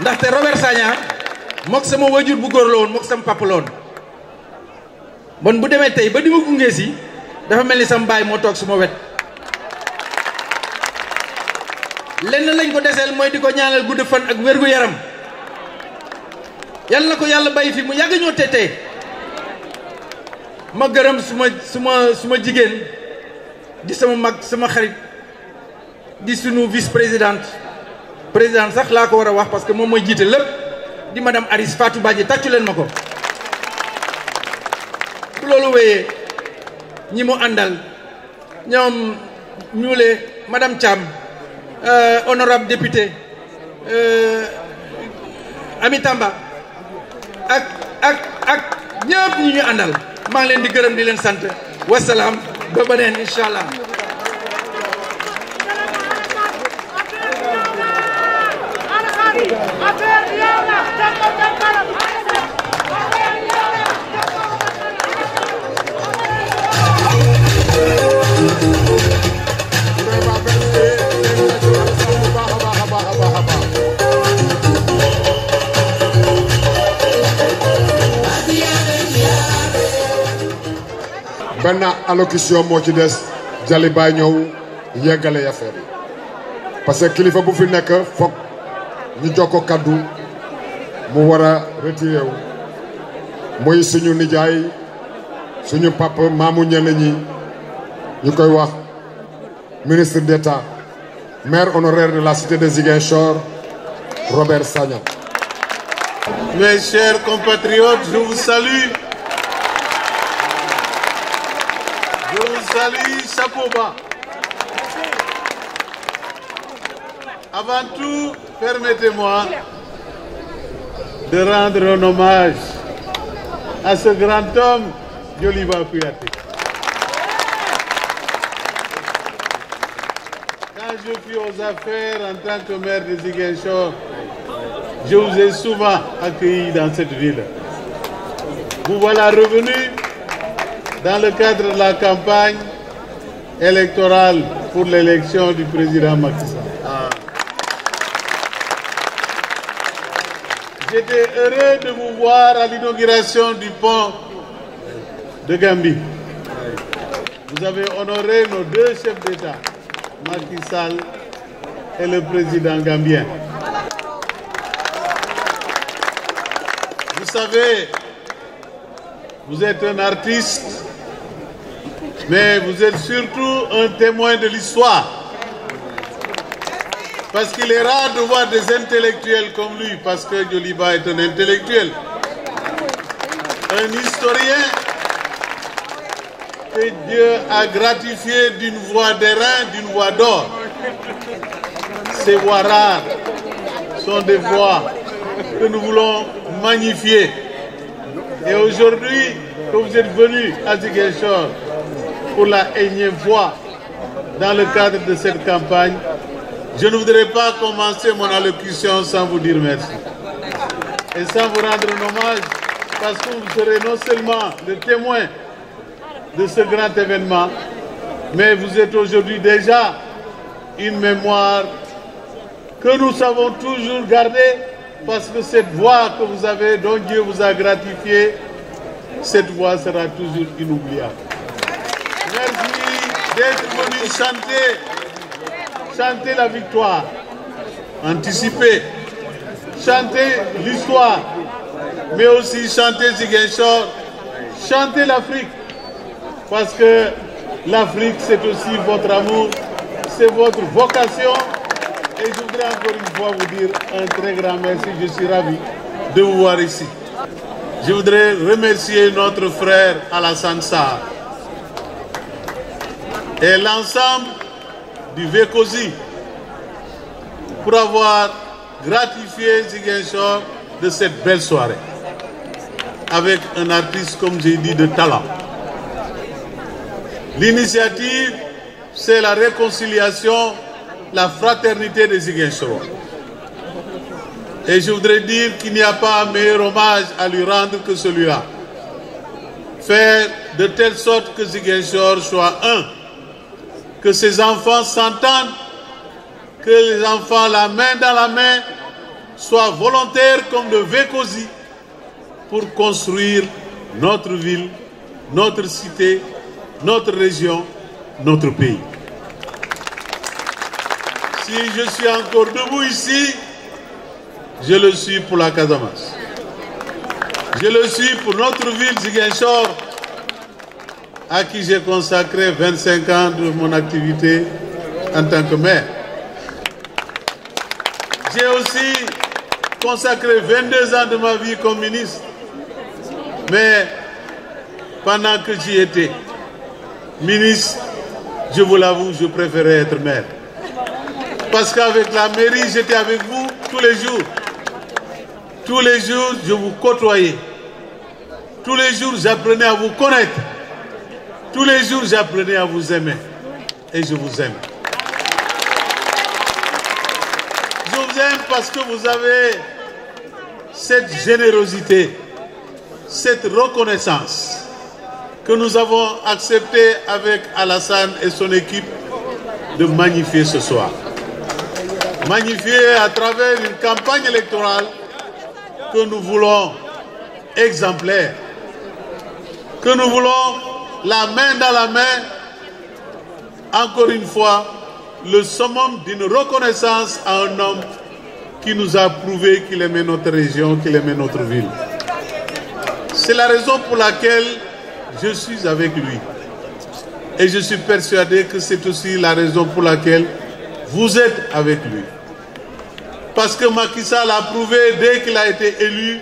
Speaker 7: ndaxte Robert Sagna mok sama wajur bu góor la woon sama papa la bon bu demee tey ba di ma gunge si dafa mel ni sama baay moo toog suma wet lenn lañ ko deseel mooy di ko ñaanal gudd fan ak yaram yàlla ko yàlla bàyyi fi mu yàgg ñoo teetee ma suma suma suma di sama mag sama xarit di sunu vice présidente président sax laa ko war a wax parce que moom mooy jiite lépp di madame Aris Fatou Badji tàccu leen ma ko bu loolu wéyee ñi mu àndal ñoom ñuule madame Thiam euh, honorable député euh, Ami Tamba ak ak ak ñëpp ñi ñu àndal maa ngi leen di gërëm di leen sant wasalaam ba beneen incha allah
Speaker 2: benn allocution moo ci des jali baay ñëw yeggale affaire parce que kilifa bu fi nekk foog ñu jox kaddu mu vous a Je wu papa Mamou ministre d'État maire honoraire de la cité de Ziguinchor Robert Sagna.
Speaker 8: Mes chers compatriotes, je vous salue. Je vous salue, chapeau Avant tout, permettez-moi de rendre un hommage à ce grand homme, Yoliva Puyati. Quand je suis aux affaires en tant que maire de Ziguinchor,
Speaker 6: je vous ai souvent
Speaker 8: accueilli dans cette ville. Vous voilà revenu dans le cadre de la campagne électorale pour l'élection du président Macky J'étais heureux de vous voir à l'inauguration du pont de Gambie. Vous avez honoré nos deux chefs d'État, Macky Sall et le président gambien. Vous savez, vous êtes un artiste, mais vous êtes surtout un témoin de l'histoire. Parce qu'il est rare de voir des intellectuels comme lui, parce que Joliba est un intellectuel. Un historien Et Dieu a gratifié d'une voix d'airain, d'une voix d'or. Ces voix rares sont des voix que nous voulons magnifier. Et aujourd'hui, que vous êtes venus à Ziguinchor pour la énième voix dans le cadre de cette campagne, je ne voudrais pas commencer mon allocution sans vous dire merci. Et sans vous rendre hommage, parce que vous serez non seulement le témoin de ce grand événement, mais vous êtes aujourd'hui déjà une mémoire que nous savons toujours garder, parce que cette voix que vous avez, dont Dieu vous a gratifié, cette voix sera toujours inoubliable. Merci d'être venu chanter chantez la victoire, anticiper, chantez l'histoire, mais aussi chanter Ziguinchor, chanter l'Afrique. Parce que l'Afrique, c'est aussi votre amour, c'est votre vocation. Et je voudrais encore une fois vous dire un très grand merci. Je suis ravi de vous voir ici. Je voudrais remercier notre frère Alassane Sarr et l'ensemble du VECOSI pour avoir gratifié Ziguinchor de cette belle soirée avec un artiste, comme j'ai dit, de talent. L'initiative, c'est la réconciliation, la fraternité de Ziguinchor. Et je voudrais dire qu'il n'y a pas un meilleur hommage à lui rendre que celui-là. Faire de telle sorte que Ziguinchor soit un que ces enfants s'entendent, que les enfants, la main dans la main, soient volontaires comme de Vécosi pour construire notre ville, notre cité, notre région, notre pays. Si je suis encore debout ici, je le suis pour la Casamance. Je le suis pour notre ville, Ziguinchor, à qui j'ai consacré 25 ans de mon activité en tant que maire. J'ai aussi consacré 22 ans de ma vie comme ministre, mais pendant que j'y étais ministre, je vous l'avoue, je préférais être maire. Parce qu'avec la mairie, j'étais avec vous tous les jours. Tous les jours, je vous côtoyais. Tous les jours, j'apprenais à vous connaître. Tous les jours, j'apprenais à vous aimer. Et je vous aime. Je vous aime parce que vous avez cette générosité, cette reconnaissance que nous avons acceptée avec Alassane et son équipe de magnifier ce soir. Magnifier à travers une campagne électorale que nous voulons exemplaire, que nous voulons la main dans la main, encore une fois, le summum d'une reconnaissance à un homme qui nous a prouvé qu'il aimait notre région, qu'il aimait notre ville. C'est la raison pour laquelle je suis avec lui. Et je suis persuadé que c'est aussi la raison pour laquelle vous êtes avec lui. Parce que Macky Sall a prouvé dès qu'il a été élu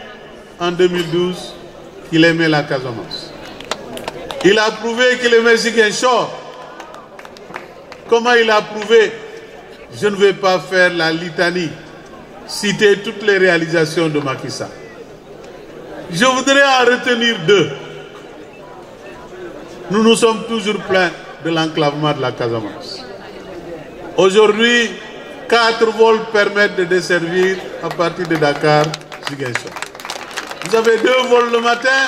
Speaker 8: en 2012 qu'il aimait la Casamance. Il a prouvé que les Mexicains Comment il a prouvé Je ne vais pas faire la litanie, citer toutes les réalisations de Macky Je voudrais en retenir deux. Nous nous sommes toujours plaints de l'enclavement de la Casamance. Aujourd'hui, quatre vols permettent de desservir à partir de Dakar, Zigenshaw. Vous avez deux vols le matin,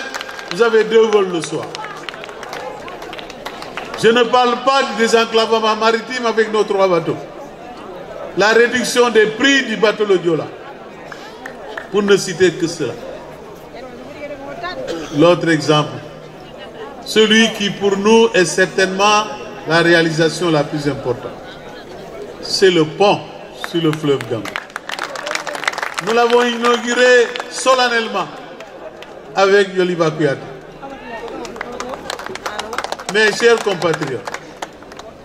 Speaker 8: vous avez deux vols le soir. Je ne parle pas du désenclavement maritime avec nos trois bateaux. La réduction des prix du bateau Lodiola, pour ne citer que cela. L'autre exemple, celui qui pour nous est certainement la réalisation la plus importante, c'est le pont sur le fleuve Gamba. Nous l'avons inauguré solennellement avec Yoliba mes chers compatriotes,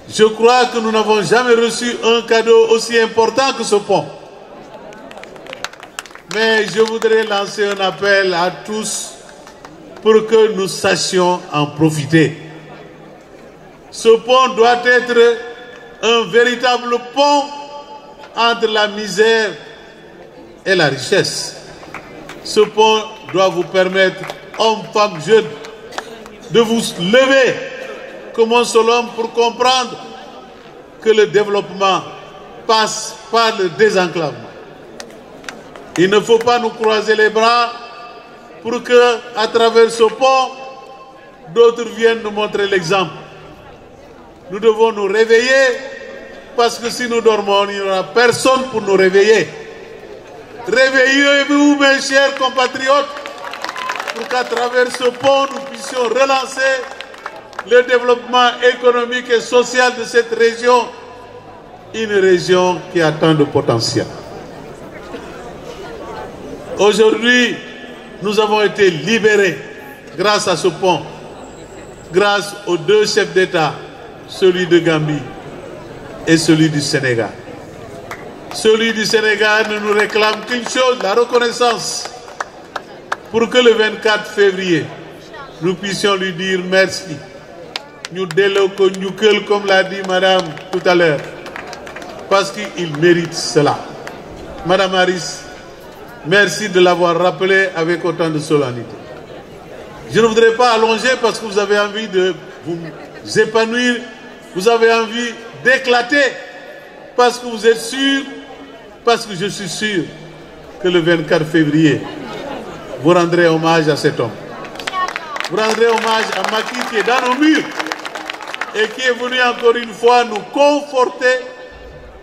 Speaker 8: je crois que nous n'avons jamais reçu un cadeau aussi important que ce pont. Mais je voudrais lancer un appel à tous pour que nous sachions en profiter. Ce pont doit être un véritable pont entre la misère et la richesse. Ce pont doit vous permettre, hommes, femmes, jeunes, de vous lever Comment l'homme pour comprendre que le développement passe par le désenclavement Il ne faut pas nous croiser les bras pour que, à travers ce pont, d'autres viennent nous montrer l'exemple. Nous devons nous réveiller parce que si nous dormons, il n'y aura personne pour nous réveiller. Réveillez-vous, mes chers compatriotes, pour qu'à travers ce pont, nous puissions relancer le développement économique et social de cette région, une région qui a tant de potentiel. Aujourd'hui, nous avons été libérés grâce à ce pont, grâce aux deux chefs d'État, celui de Gambie et celui du Sénégal. Celui du Sénégal ne nous réclame qu'une chose, la reconnaissance, pour que le 24 février, nous puissions lui dire merci nous délocons, comme l'a dit madame tout à l'heure parce qu'il mérite cela madame Harris merci de l'avoir rappelé avec autant de solennité je ne voudrais pas allonger parce que vous avez envie de vous épanouir vous avez envie d'éclater parce que vous êtes sûr parce que je suis sûr que le 24 février vous rendrez hommage à cet homme vous rendrez hommage à Maki qui est dans nos murs et qui est venu encore une fois nous conforter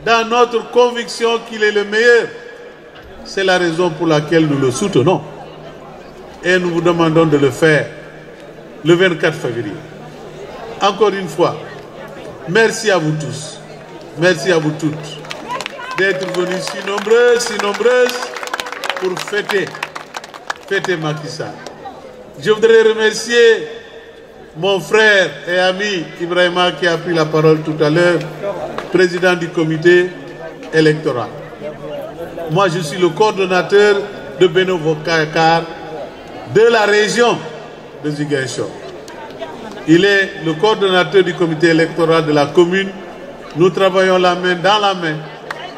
Speaker 8: dans notre conviction qu'il est le meilleur. C'est la raison pour laquelle nous le soutenons. Et nous vous demandons de le faire le 24 février. Encore une fois, merci à vous tous. Merci à vous toutes d'être venus si nombreux, si nombreuses pour fêter, fêter Makissa. Je voudrais remercier mon frère et ami Ibrahima qui a pris la parole tout à l'heure, président du comité électoral. Moi, je suis le coordonnateur de Benovo Kakar de la région de Ziguinchor. Il est le coordonnateur du comité électoral de la commune. Nous travaillons la main dans la main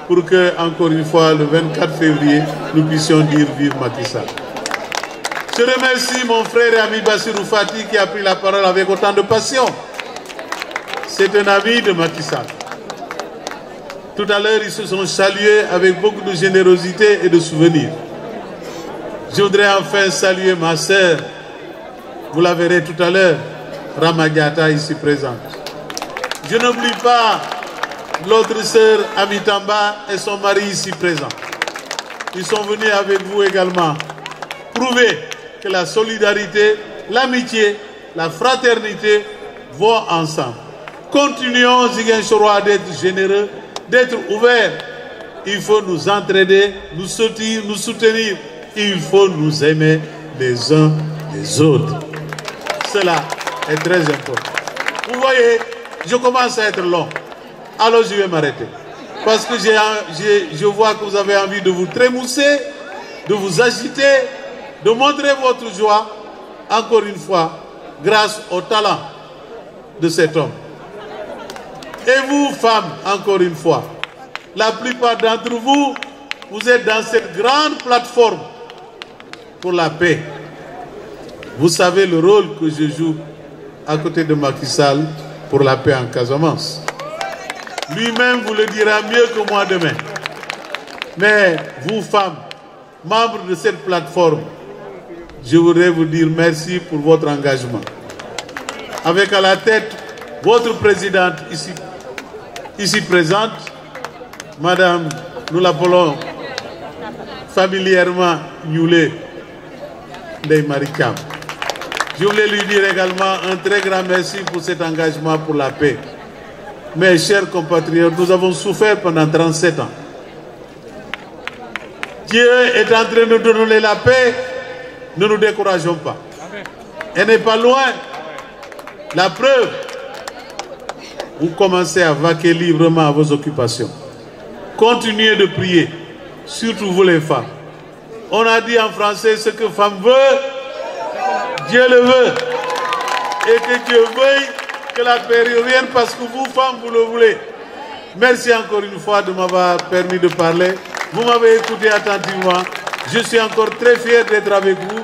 Speaker 8: pour que, encore une fois, le 24 février, nous puissions dire vive Matissa. Je remercie mon frère et ami Bassirou Fati qui a pris la parole avec autant de passion. C'est un ami de Matissal. Tout à l'heure, ils se sont salués avec beaucoup de générosité et de souvenirs. Je voudrais enfin saluer ma sœur, vous la verrez tout à l'heure, Ramagata ici présente. Je n'oublie pas l'autre sœur Amitamba et son mari ici présent. Ils sont venus avec vous également. Prouvez la solidarité, l'amitié, la fraternité vont ensemble. Continuons, Ziguinchorois, d'être généreux, d'être ouverts. Il faut nous entraider, nous soutenir, nous soutenir. Il faut nous aimer les uns les autres. Cela est très important. Vous voyez, je commence à être long. Alors je vais m'arrêter. Parce que je vois que vous avez envie de vous trémousser, de vous agiter, de montrer votre joie, encore une fois, grâce au talent de cet homme. Et vous, femmes, encore une fois, la plupart d'entre vous, vous êtes dans cette grande plateforme pour la paix. Vous savez le rôle que je joue à côté de Macky Sall pour la paix en Casamance. Lui-même vous le dira mieux que moi demain. Mais vous, femmes, membres de cette plateforme, je voudrais vous dire merci pour votre engagement. Avec à la tête votre présidente ici, ici présente, Madame, nous l'appelons familièrement Youlé Neymarikam. Marikam. Je voulais lui dire également un très grand merci pour cet engagement pour la paix. Mes chers compatriotes, nous avons souffert pendant 37 ans. Dieu est en train de nous donner la paix ne nous décourageons pas. Elle n'est pas loin. La preuve, vous commencez à vaquer librement à vos occupations. Continuez de prier, surtout vous les femmes. On a dit en français ce que femme veut, Dieu le veut. Et que Dieu veuille que la paix revienne parce que vous, femmes, vous le voulez. Merci encore une fois de m'avoir permis de parler. Vous m'avez écouté attentivement. Je suis encore très fier d'être avec vous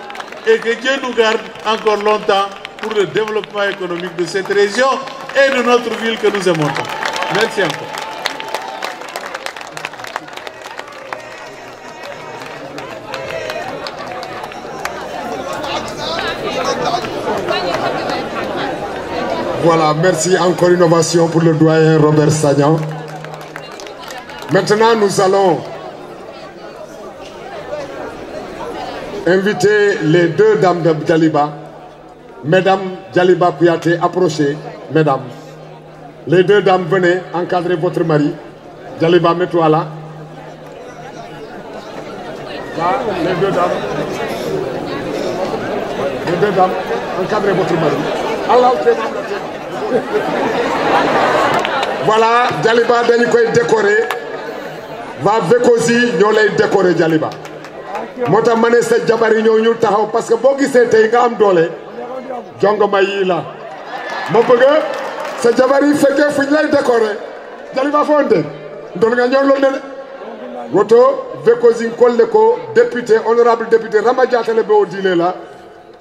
Speaker 8: et que Dieu nous garde encore longtemps pour le développement économique de cette région et de notre ville que nous aimons tant. Merci encore.
Speaker 2: Voilà, merci encore une pour le doyen Robert Sagnan. Maintenant, nous allons Invitez les deux dames de Djaliba. Mesdames Djaliba Pouyaté, approchez, mesdames. Les deux dames, venez encadrer votre mari. Djaliba, mets-toi là. les deux dames. Les deux dames, encadrez votre mari. Allah, Voilà, Djaliba, est décoré. Va Vekosi, nous décoré, Djaliba. moo tax ma ne sa jabar yi ñëw ñu taxaw parce que boo gisee tey nga am doole jongoma yii la ma bëgg sa jabar yi fekkee fu ñu lay décorer Jaliba Fonte doon nga ñëw loolu ne woto vekosin kolle ko député honorable député Rama Diatta le be o dile la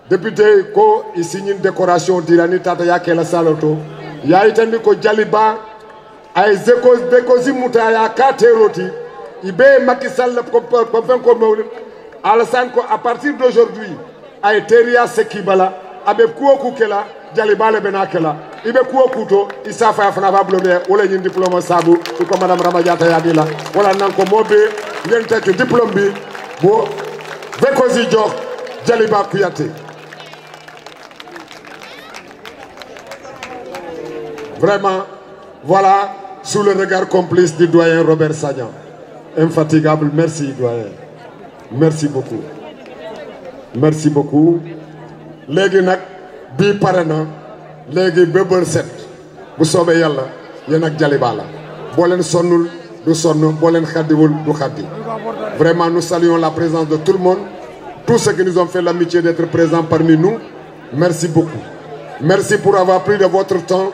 Speaker 2: député ko i signin décoration dirani tata ya kela saloto ya itandi ko Jaliba ay zekos vekosin muta ya kateroti ibe Macky Sall ko fen ko mawlid Alassane ko à partir d'aujourd'hui ay teriya sekibala abe kuwo kukela jalibale benakela ibe kuwo kuto isafa fana ba blome wala nyin diplôme sabu madame ramadiata yadila wala nan ko mobe bien tek diplôme bi bo bekosi jox jaliba kuyate vraiment voilà sous le regard complice du doyen Robert Sagnan infatigable merci doyen merci beaucoup merci beaucoup set vraiment nous saluons la présence de tout le monde tous ceux qui nous ont fait l'amitié d'être présents parmi nous merci beaucoup merci pour avoir pris de votre temps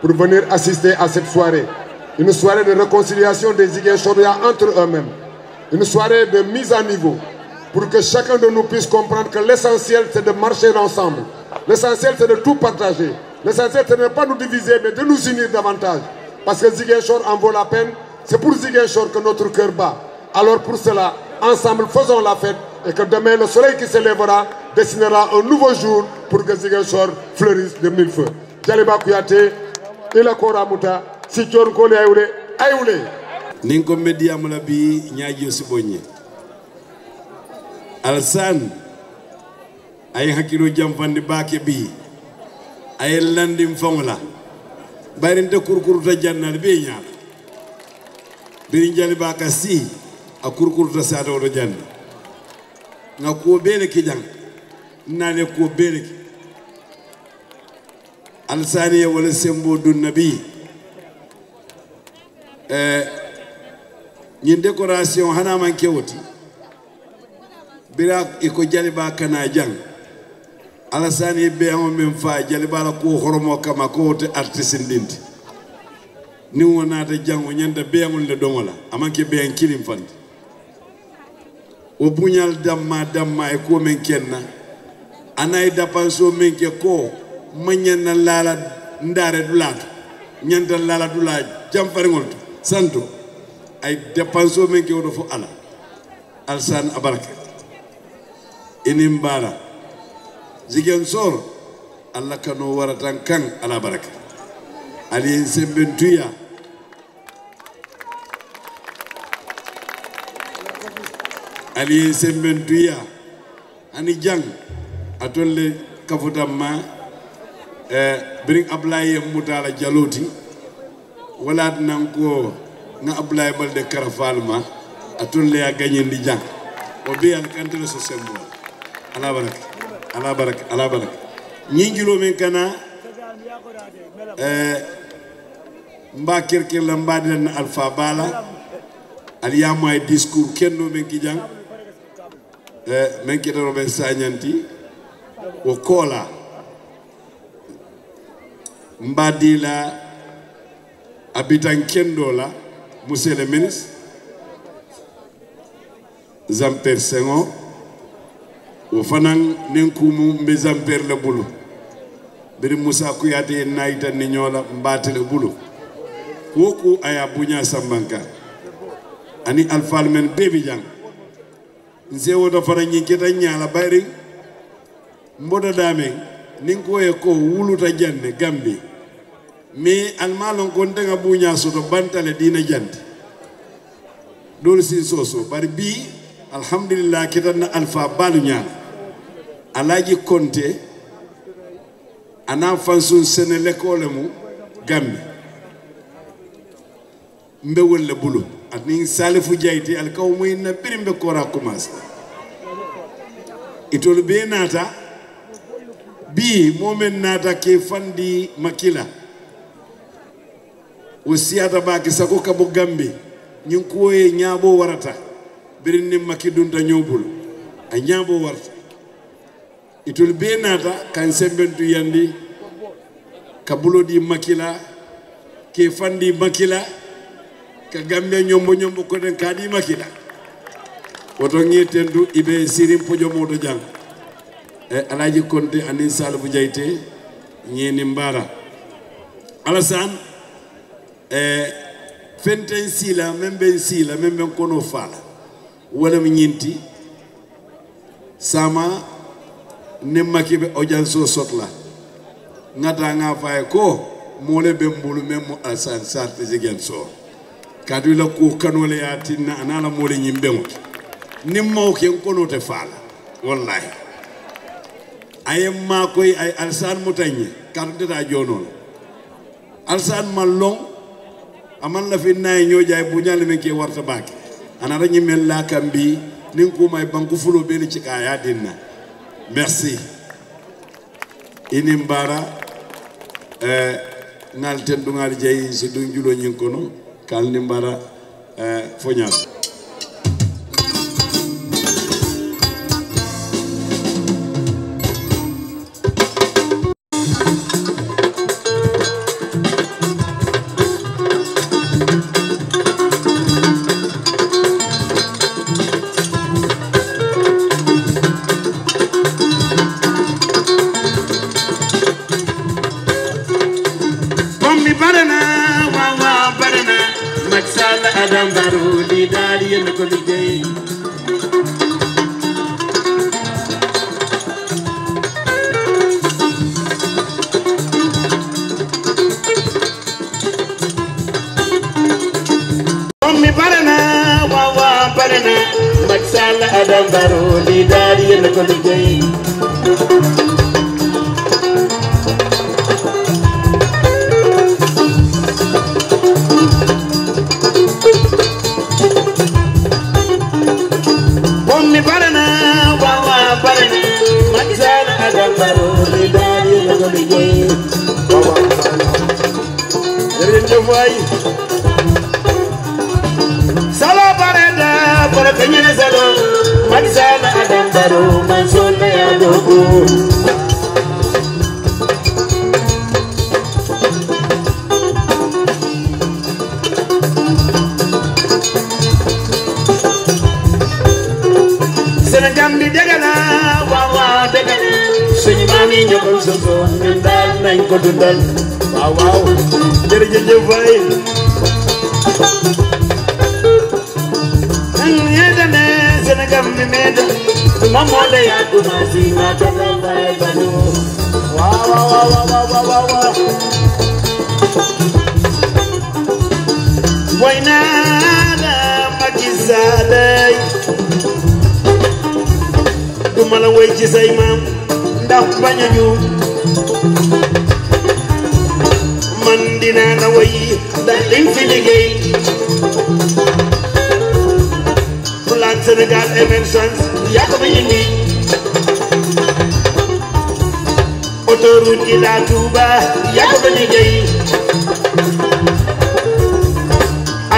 Speaker 2: pour venir assister à cette soirée une soirée de réconciliation des Iguéchoria entre eux-mêmes une soirée de mise à niveau pour que chacun de nous puisse comprendre que l'essentiel c'est de marcher ensemble. L'essentiel c'est de tout partager. L'essentiel c'est de ne pas nous diviser mais de nous unir davantage. Parce que Ziguinchor en vaut la peine. C'est pour Ziguinchor que notre cœur bat. Alors pour cela, ensemble faisons la fête et que demain le soleil qui se dessinera un nouveau jour pour que Ziguinchor fleurisse de mille feux. Kouyate Ilakora Mouta, Sikyon
Speaker 5: media mediyamula bi ñaajiyo siboñe alsan ay hakkilo jamfande baake bi aye landim faŋola bayrin te ta jannal be ñaala birin jali baaka si a kurkuruta saatowoto janna na kuwo bee le kijaŋ na kuwo bee le ki alsaniye wala sembo dunna bi eh, ñin décoration hana man kewoti bira iko jaliba kana jang alasani be amo min fa jaliba la ko horomo kama ko te artiste ndinti ni wonata jango ñanda amul le doŋola amanke en kilim fandi O buñal damma damma e ko men kenna anayi dapanso men ke ko mañanna laala ndaare dulaata ñanta laala dulaa jamfariŋol ngol santo ay dépense o men ke wono fo ala alsan abarka inin mbara jigen sor allah kano waratan kan ala baraka aliyen semben tuya aliyen semben tuya ani jang atolle kafutan ma eh, birin ablaye mutala jaloti walat nan ko nga Abdoulaye Baldé kara atun le ya gagne ndi jang o be kantere so sembo ala barak ala barak ala barak ñingilo men kana eh mba kirke la mba den alfa bala ya moy discours kenno men ki jang eh men ki do men sañanti o kola mbadila abitan kendo la monsieur le ministre Zamper Sengo, au Fanang Ninkumu, mais Zamper le bolo biri Moussa Kouyate, ye Nignola, Mbate le ɲɔgɔn la Aya Bounia Sambanka, a ani Alpha Almen bɛɛ bi jan n se o Mboda dame, ɲin kɛta ɲala bayiri n ko ye ko wuluta jan mais almalon gondega buñasoto bantale dina jante ɗol sin soso bari bi alhamdulillah kitanna alpha balu ñana alaji konte ana fansun sene l'école mu gammi mbe wolle bulu anin salifu jayti alkaw muyinna ɓiri mbe kora commence itol be nata bi momen nata ke fandi makila o siyata sako sago kabo gambe ñin nyabo warata birin nin makki dunta ñowbulu a nyabo warata itol be naata kan sembentu yandi ka di makila ke fandi makila ka gambe ñombo ñombo koten kadi makila woto ŋetendu iɓe sirin pojomoɗo jang e alaji konte anin salbu jayte ñeni mbara alasan eh, fɛn tɛ n si la min bɛ n si la min bɛ n kɔnɔ fa la wala min ɲin ti sama ne maki bɛ ɔjanso sɔt la n ka taa n ka f'a ye ko mɔle bɛ n bolo mɛ mo asan sar tɛ se ka n sɔrɔ ka di la ko kanu le y'a ti na a n'a la mɔle ɲin bɛ n ni n m'o kɛ n kɔnɔ tɛ fa la walayi a ye maa koyi a ye alisan muta ɲɛ aman la fin naye ñoƴay buñale men ke warta baake ana rañi men lakam bi nin kuma banku fulo ɓeni cika ya dinna merci inin mbara ngal eh, ten dungal jeyi si ɗum julo ñin kono kalni mbara eh, foñal
Speaker 4: ಮಂದಿನ ನವೈ ದಂಪಿಲಿಗೆ Plan Senegal Emersons Yakama Yindi Autoroute Ila Touba Yakama Ligay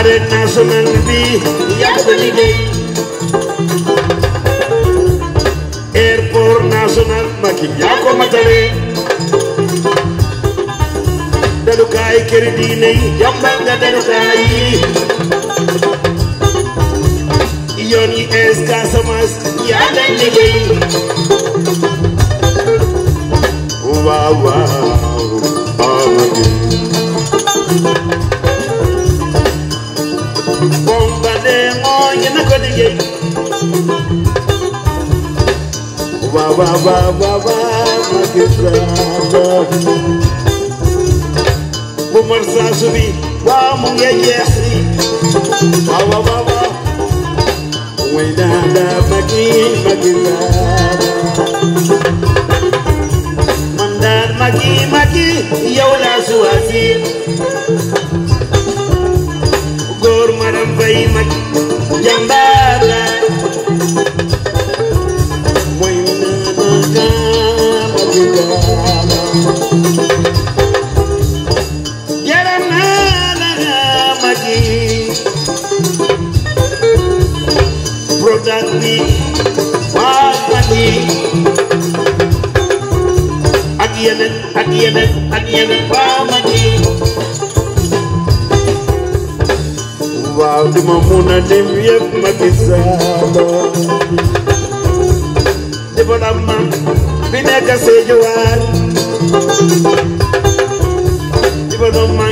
Speaker 4: Arène nationale bi Yakama Ligay national makin yako matale yoni es kasamas ya
Speaker 5: wow wow
Speaker 4: wow wa wa wa wa wa wa ke prava Umar Sasubi wa munge yesri wa wa wa wa Wenda da maki maki Mandar maki maki yaula suasi Gor maram bai maki jambar Jati, Bhagwati. Adiyanan, Adiyanan, Adiyanan, Bhamani. Wadi mamuna demyev makisalo. Debolama, bineka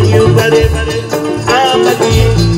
Speaker 4: you bare bare amadi.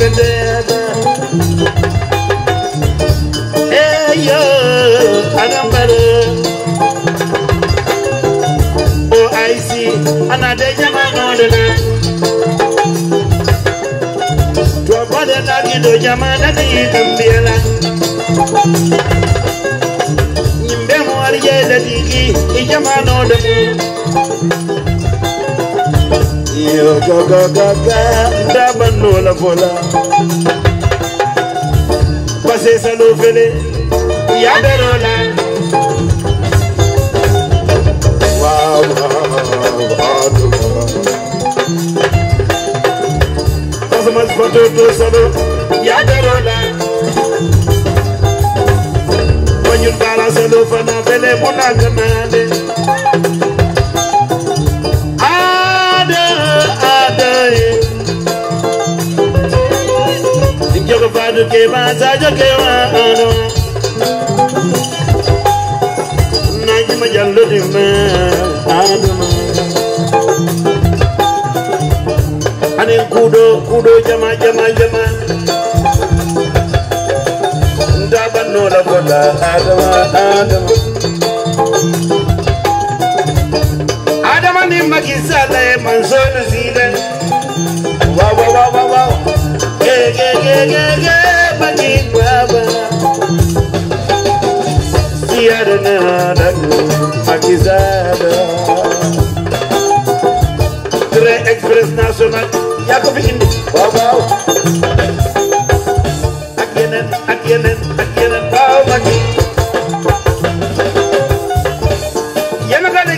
Speaker 4: Yamana, the Yamana, the Yamana, the Yamana, the Yamana, the Yamana, the Yamana, the the Yamana, the Yamana, the Yamana, the Yamana, the Yamana, the Yamana, the Yamana, the Yamana, the Yamana, the Yamana, the Yamana, the Yamana, the yo ga ga ga ga da banno la vola passé sa lo fele ya dero la wow Passa mais foto do salo ya dero la When you balance lo fana fele mona gamande fadukewa sajokewa ano najima jalludima aduma ane kudo kudo jama jama jama no la gola adama adama adama ni magisalae mansonu siden express national yaa ko fi indi waaw waaw ak yeneen ak yeneen ak yeneen waaw Macky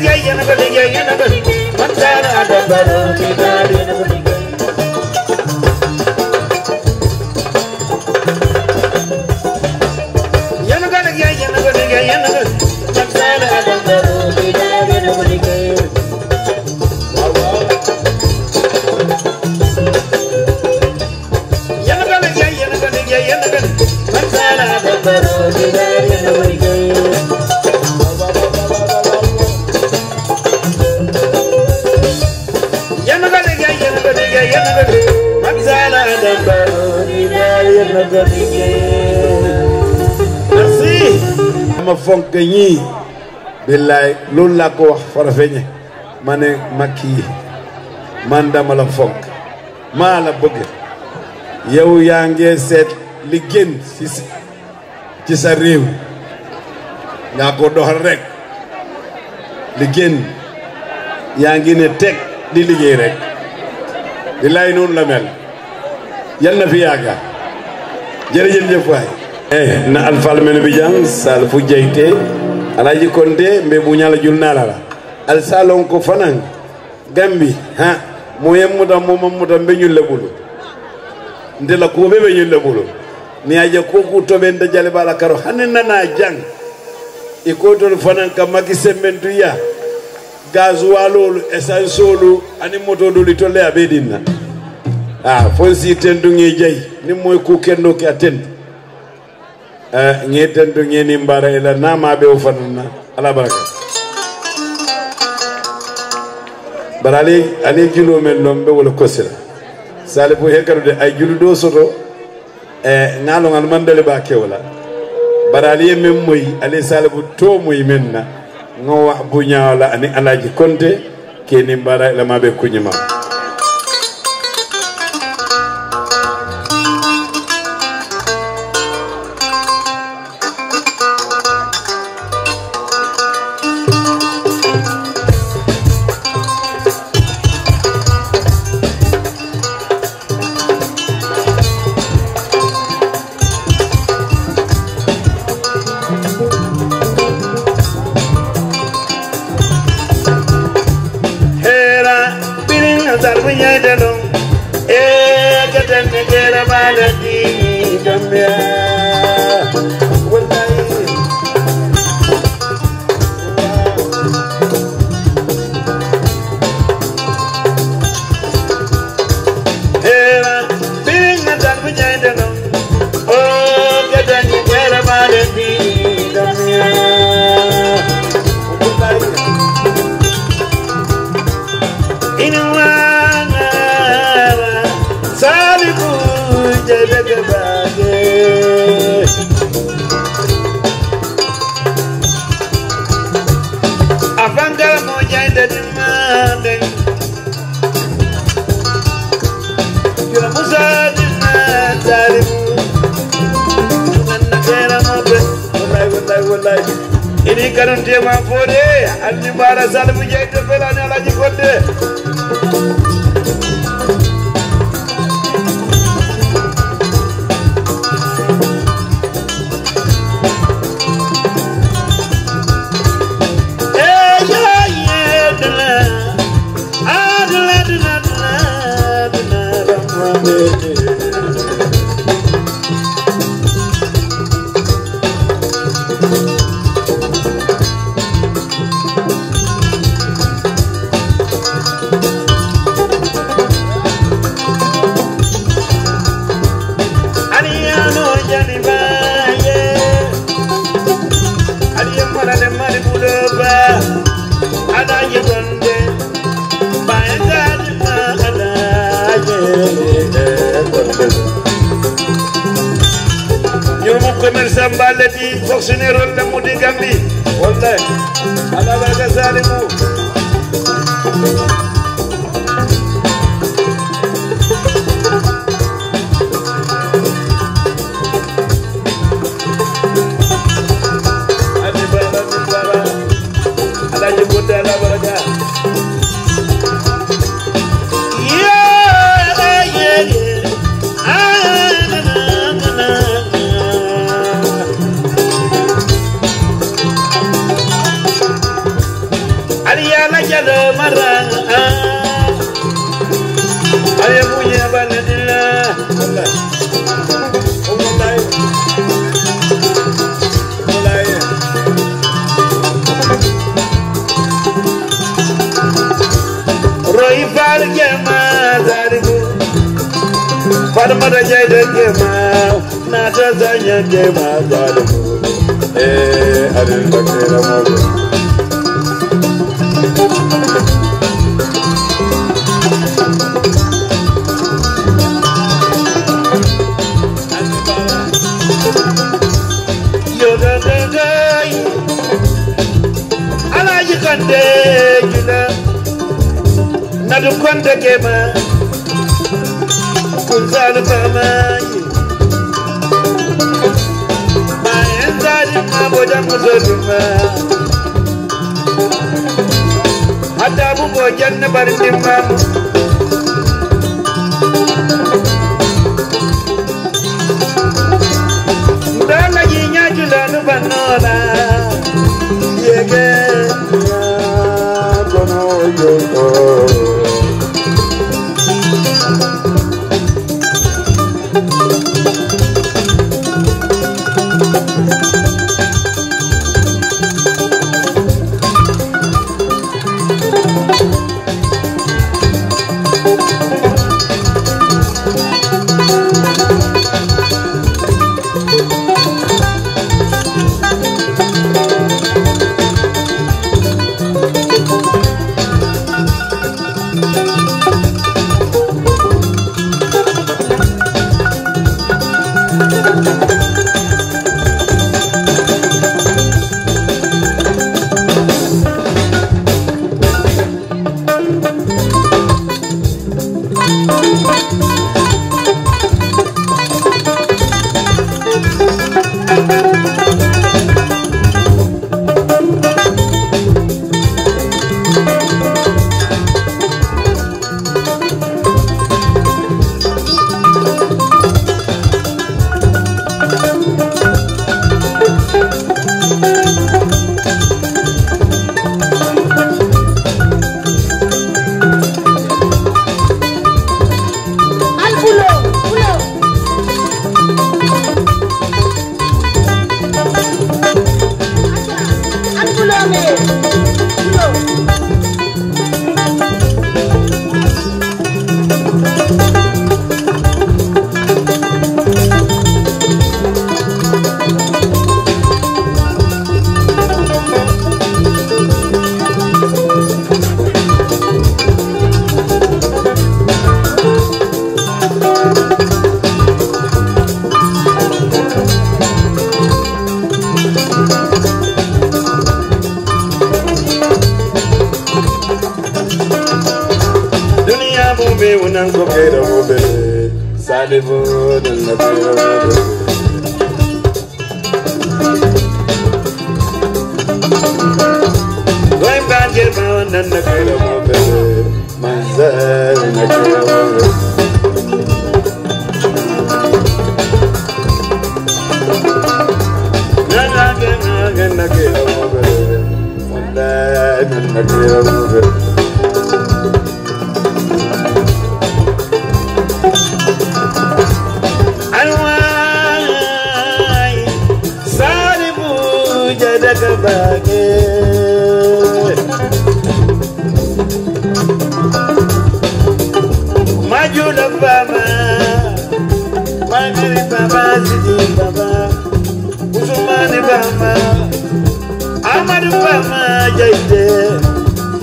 Speaker 4: yéen a ko liggéey yéen
Speaker 5: fonk ñii billaay loolu laa ko wax farafeñe ma ne makk yi man dama la fonk maa la bëgg yow yaa ngi seet li gën ci sa réew nga ko doxal rek li yaa ngi ne teg di liggéey rek billaay noonu la mel yal na fi yàgga jërëjëf waay e na alfal men bijang sal fu jeyte alaji konte mbe buñala julnalala al salon ko fanan gambi ha moye muda momon muda mbe ñulle ɓulu ndela kuɓe ɓe ñulle ɓulu mi aja koku toɓe nda jale bala karo na na jang ko to fanan ka sementu ya tuya gasoilolu essence lu ani moto tolle a abedina a ah, fon si tenduŋe jayi ni moy ku kendo ke a Eh, ñeetten to ñeeni mbara ila e namaɓe o fananna ala baraka bara ali ali julo men noon ɓe wola kosila sali fo hekkatude ay julu ɗo soto e eh, ŋalogal mandale ɓa kewla bara aliye men moyi ali sali fo to moyi men na gowa buñawla ani alaji konte keni mbara ila e maɓe kuñima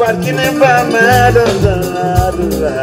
Speaker 4: barkine ba ma do zara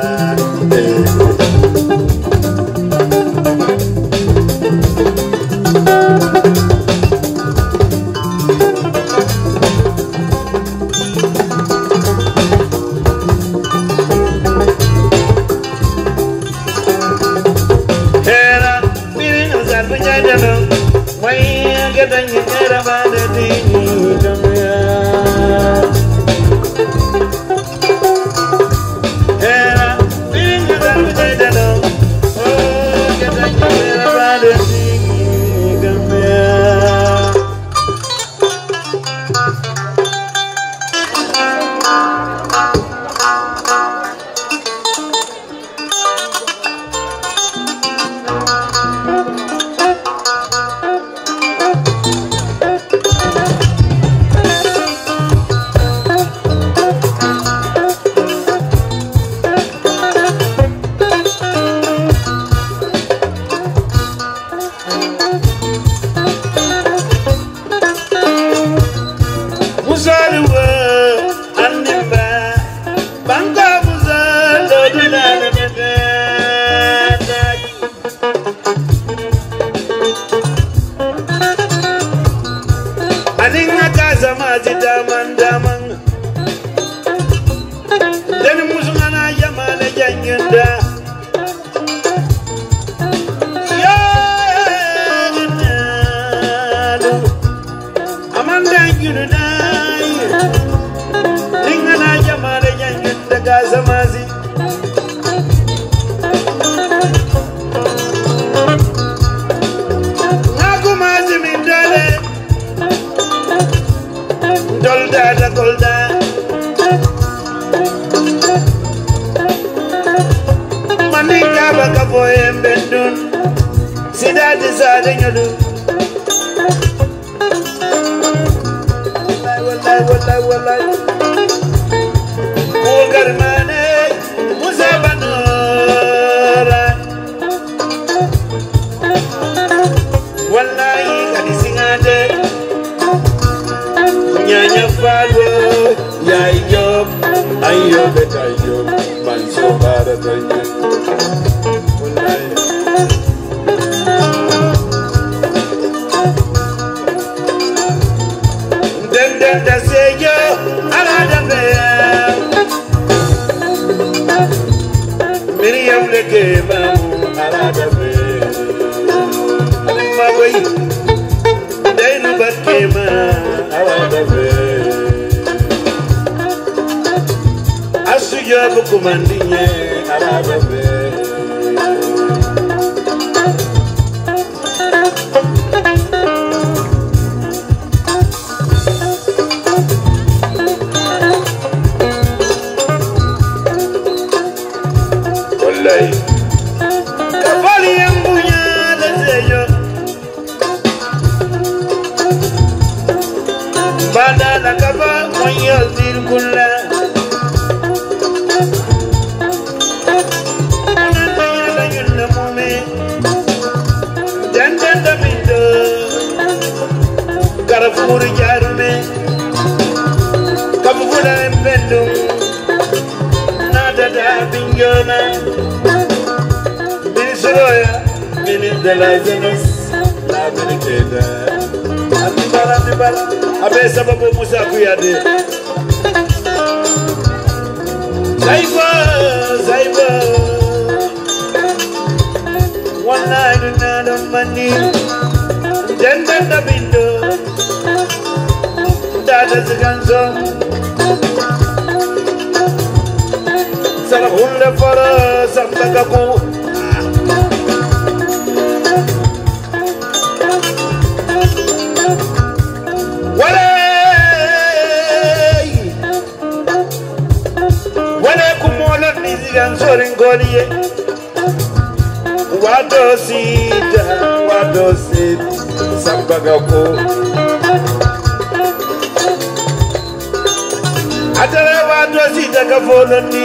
Speaker 4: ataleba dosi daga fonanti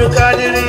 Speaker 4: at it.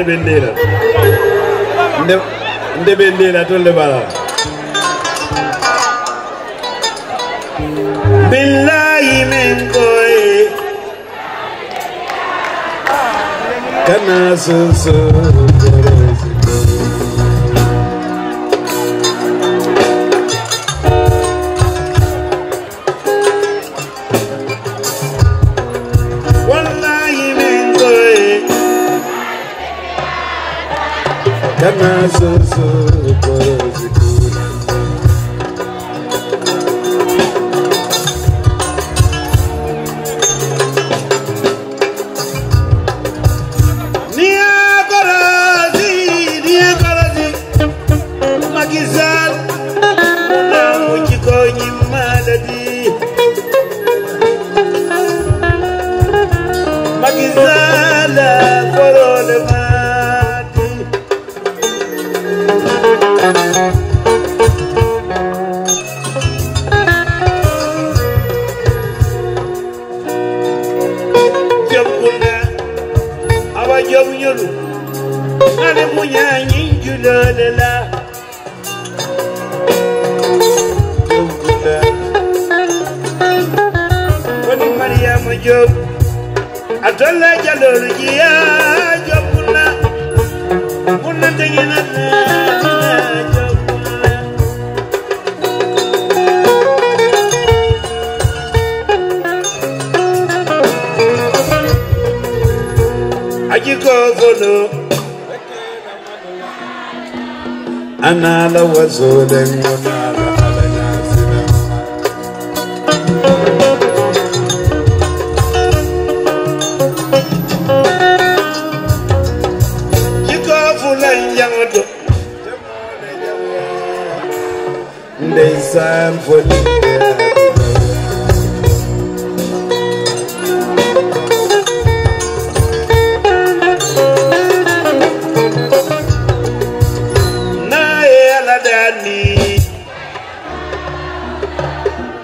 Speaker 5: nte be ndeela nte be ndeela tolle bala
Speaker 4: billahi men koye
Speaker 3: kana soso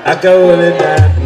Speaker 3: I go with it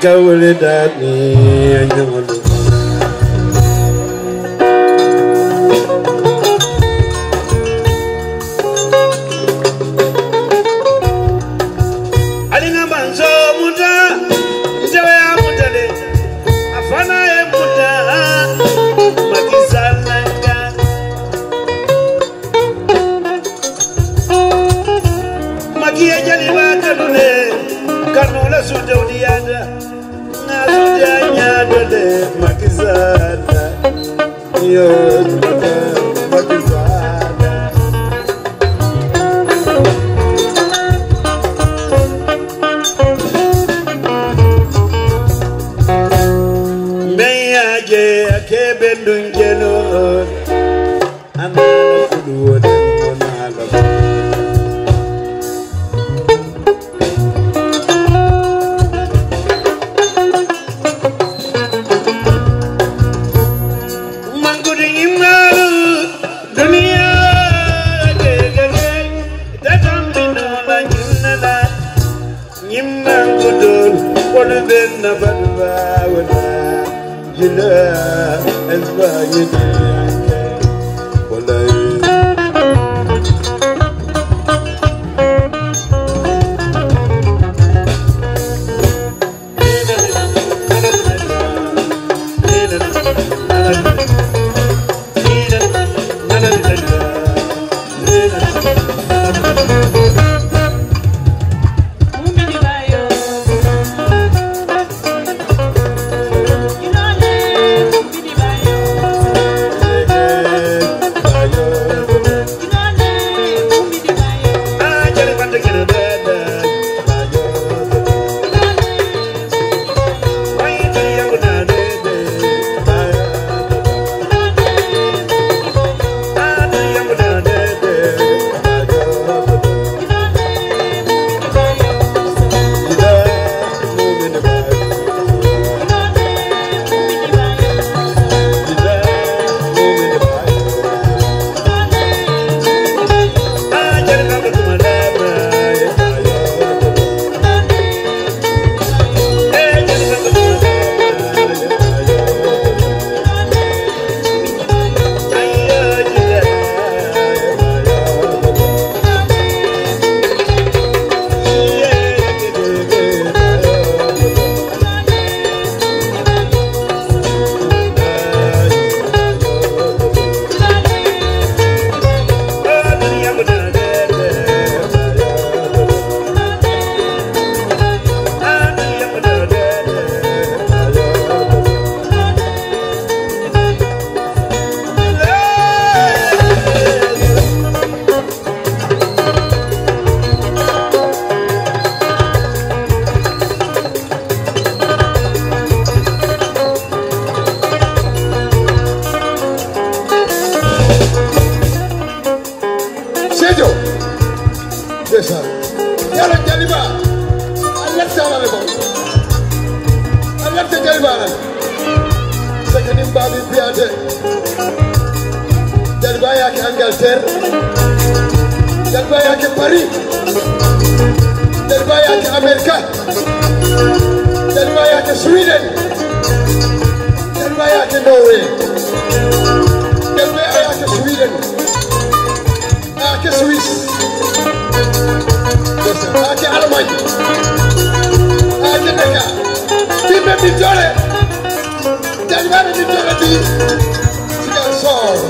Speaker 4: go, with it, daddy?
Speaker 3: ati alamaji ati deka
Speaker 2: ti bɛ mi jɔre jɛnibɛ mi jɔre ti ti ka sɔɔrɔ.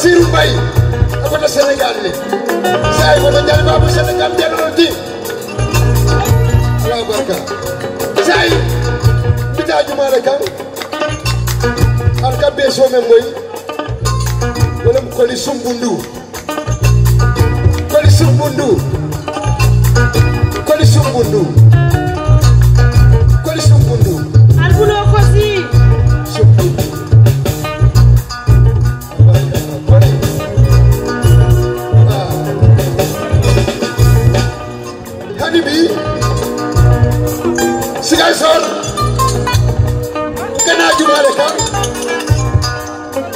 Speaker 2: Bassirou Mbaye a goto Sénégal le sa e goto jalibaabu Sénégal njeɗoɗo di ala barka sa e mbita jumaɗe ah. kan ar ka beso men goy wolem koli sumbu ndu koli sumbu ndu koli sumbu ndu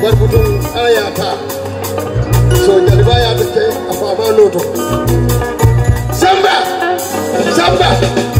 Speaker 2: gwargudun eh, ayata so jaliba ya take a fama loto samba
Speaker 3: samba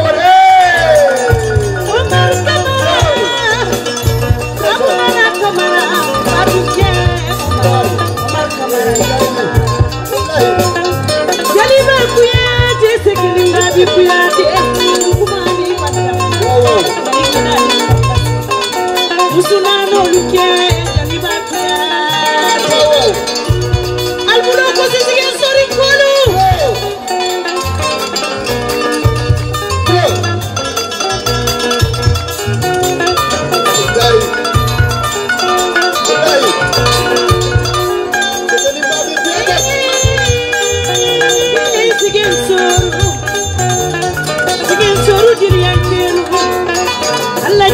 Speaker 9: Musunano, we care.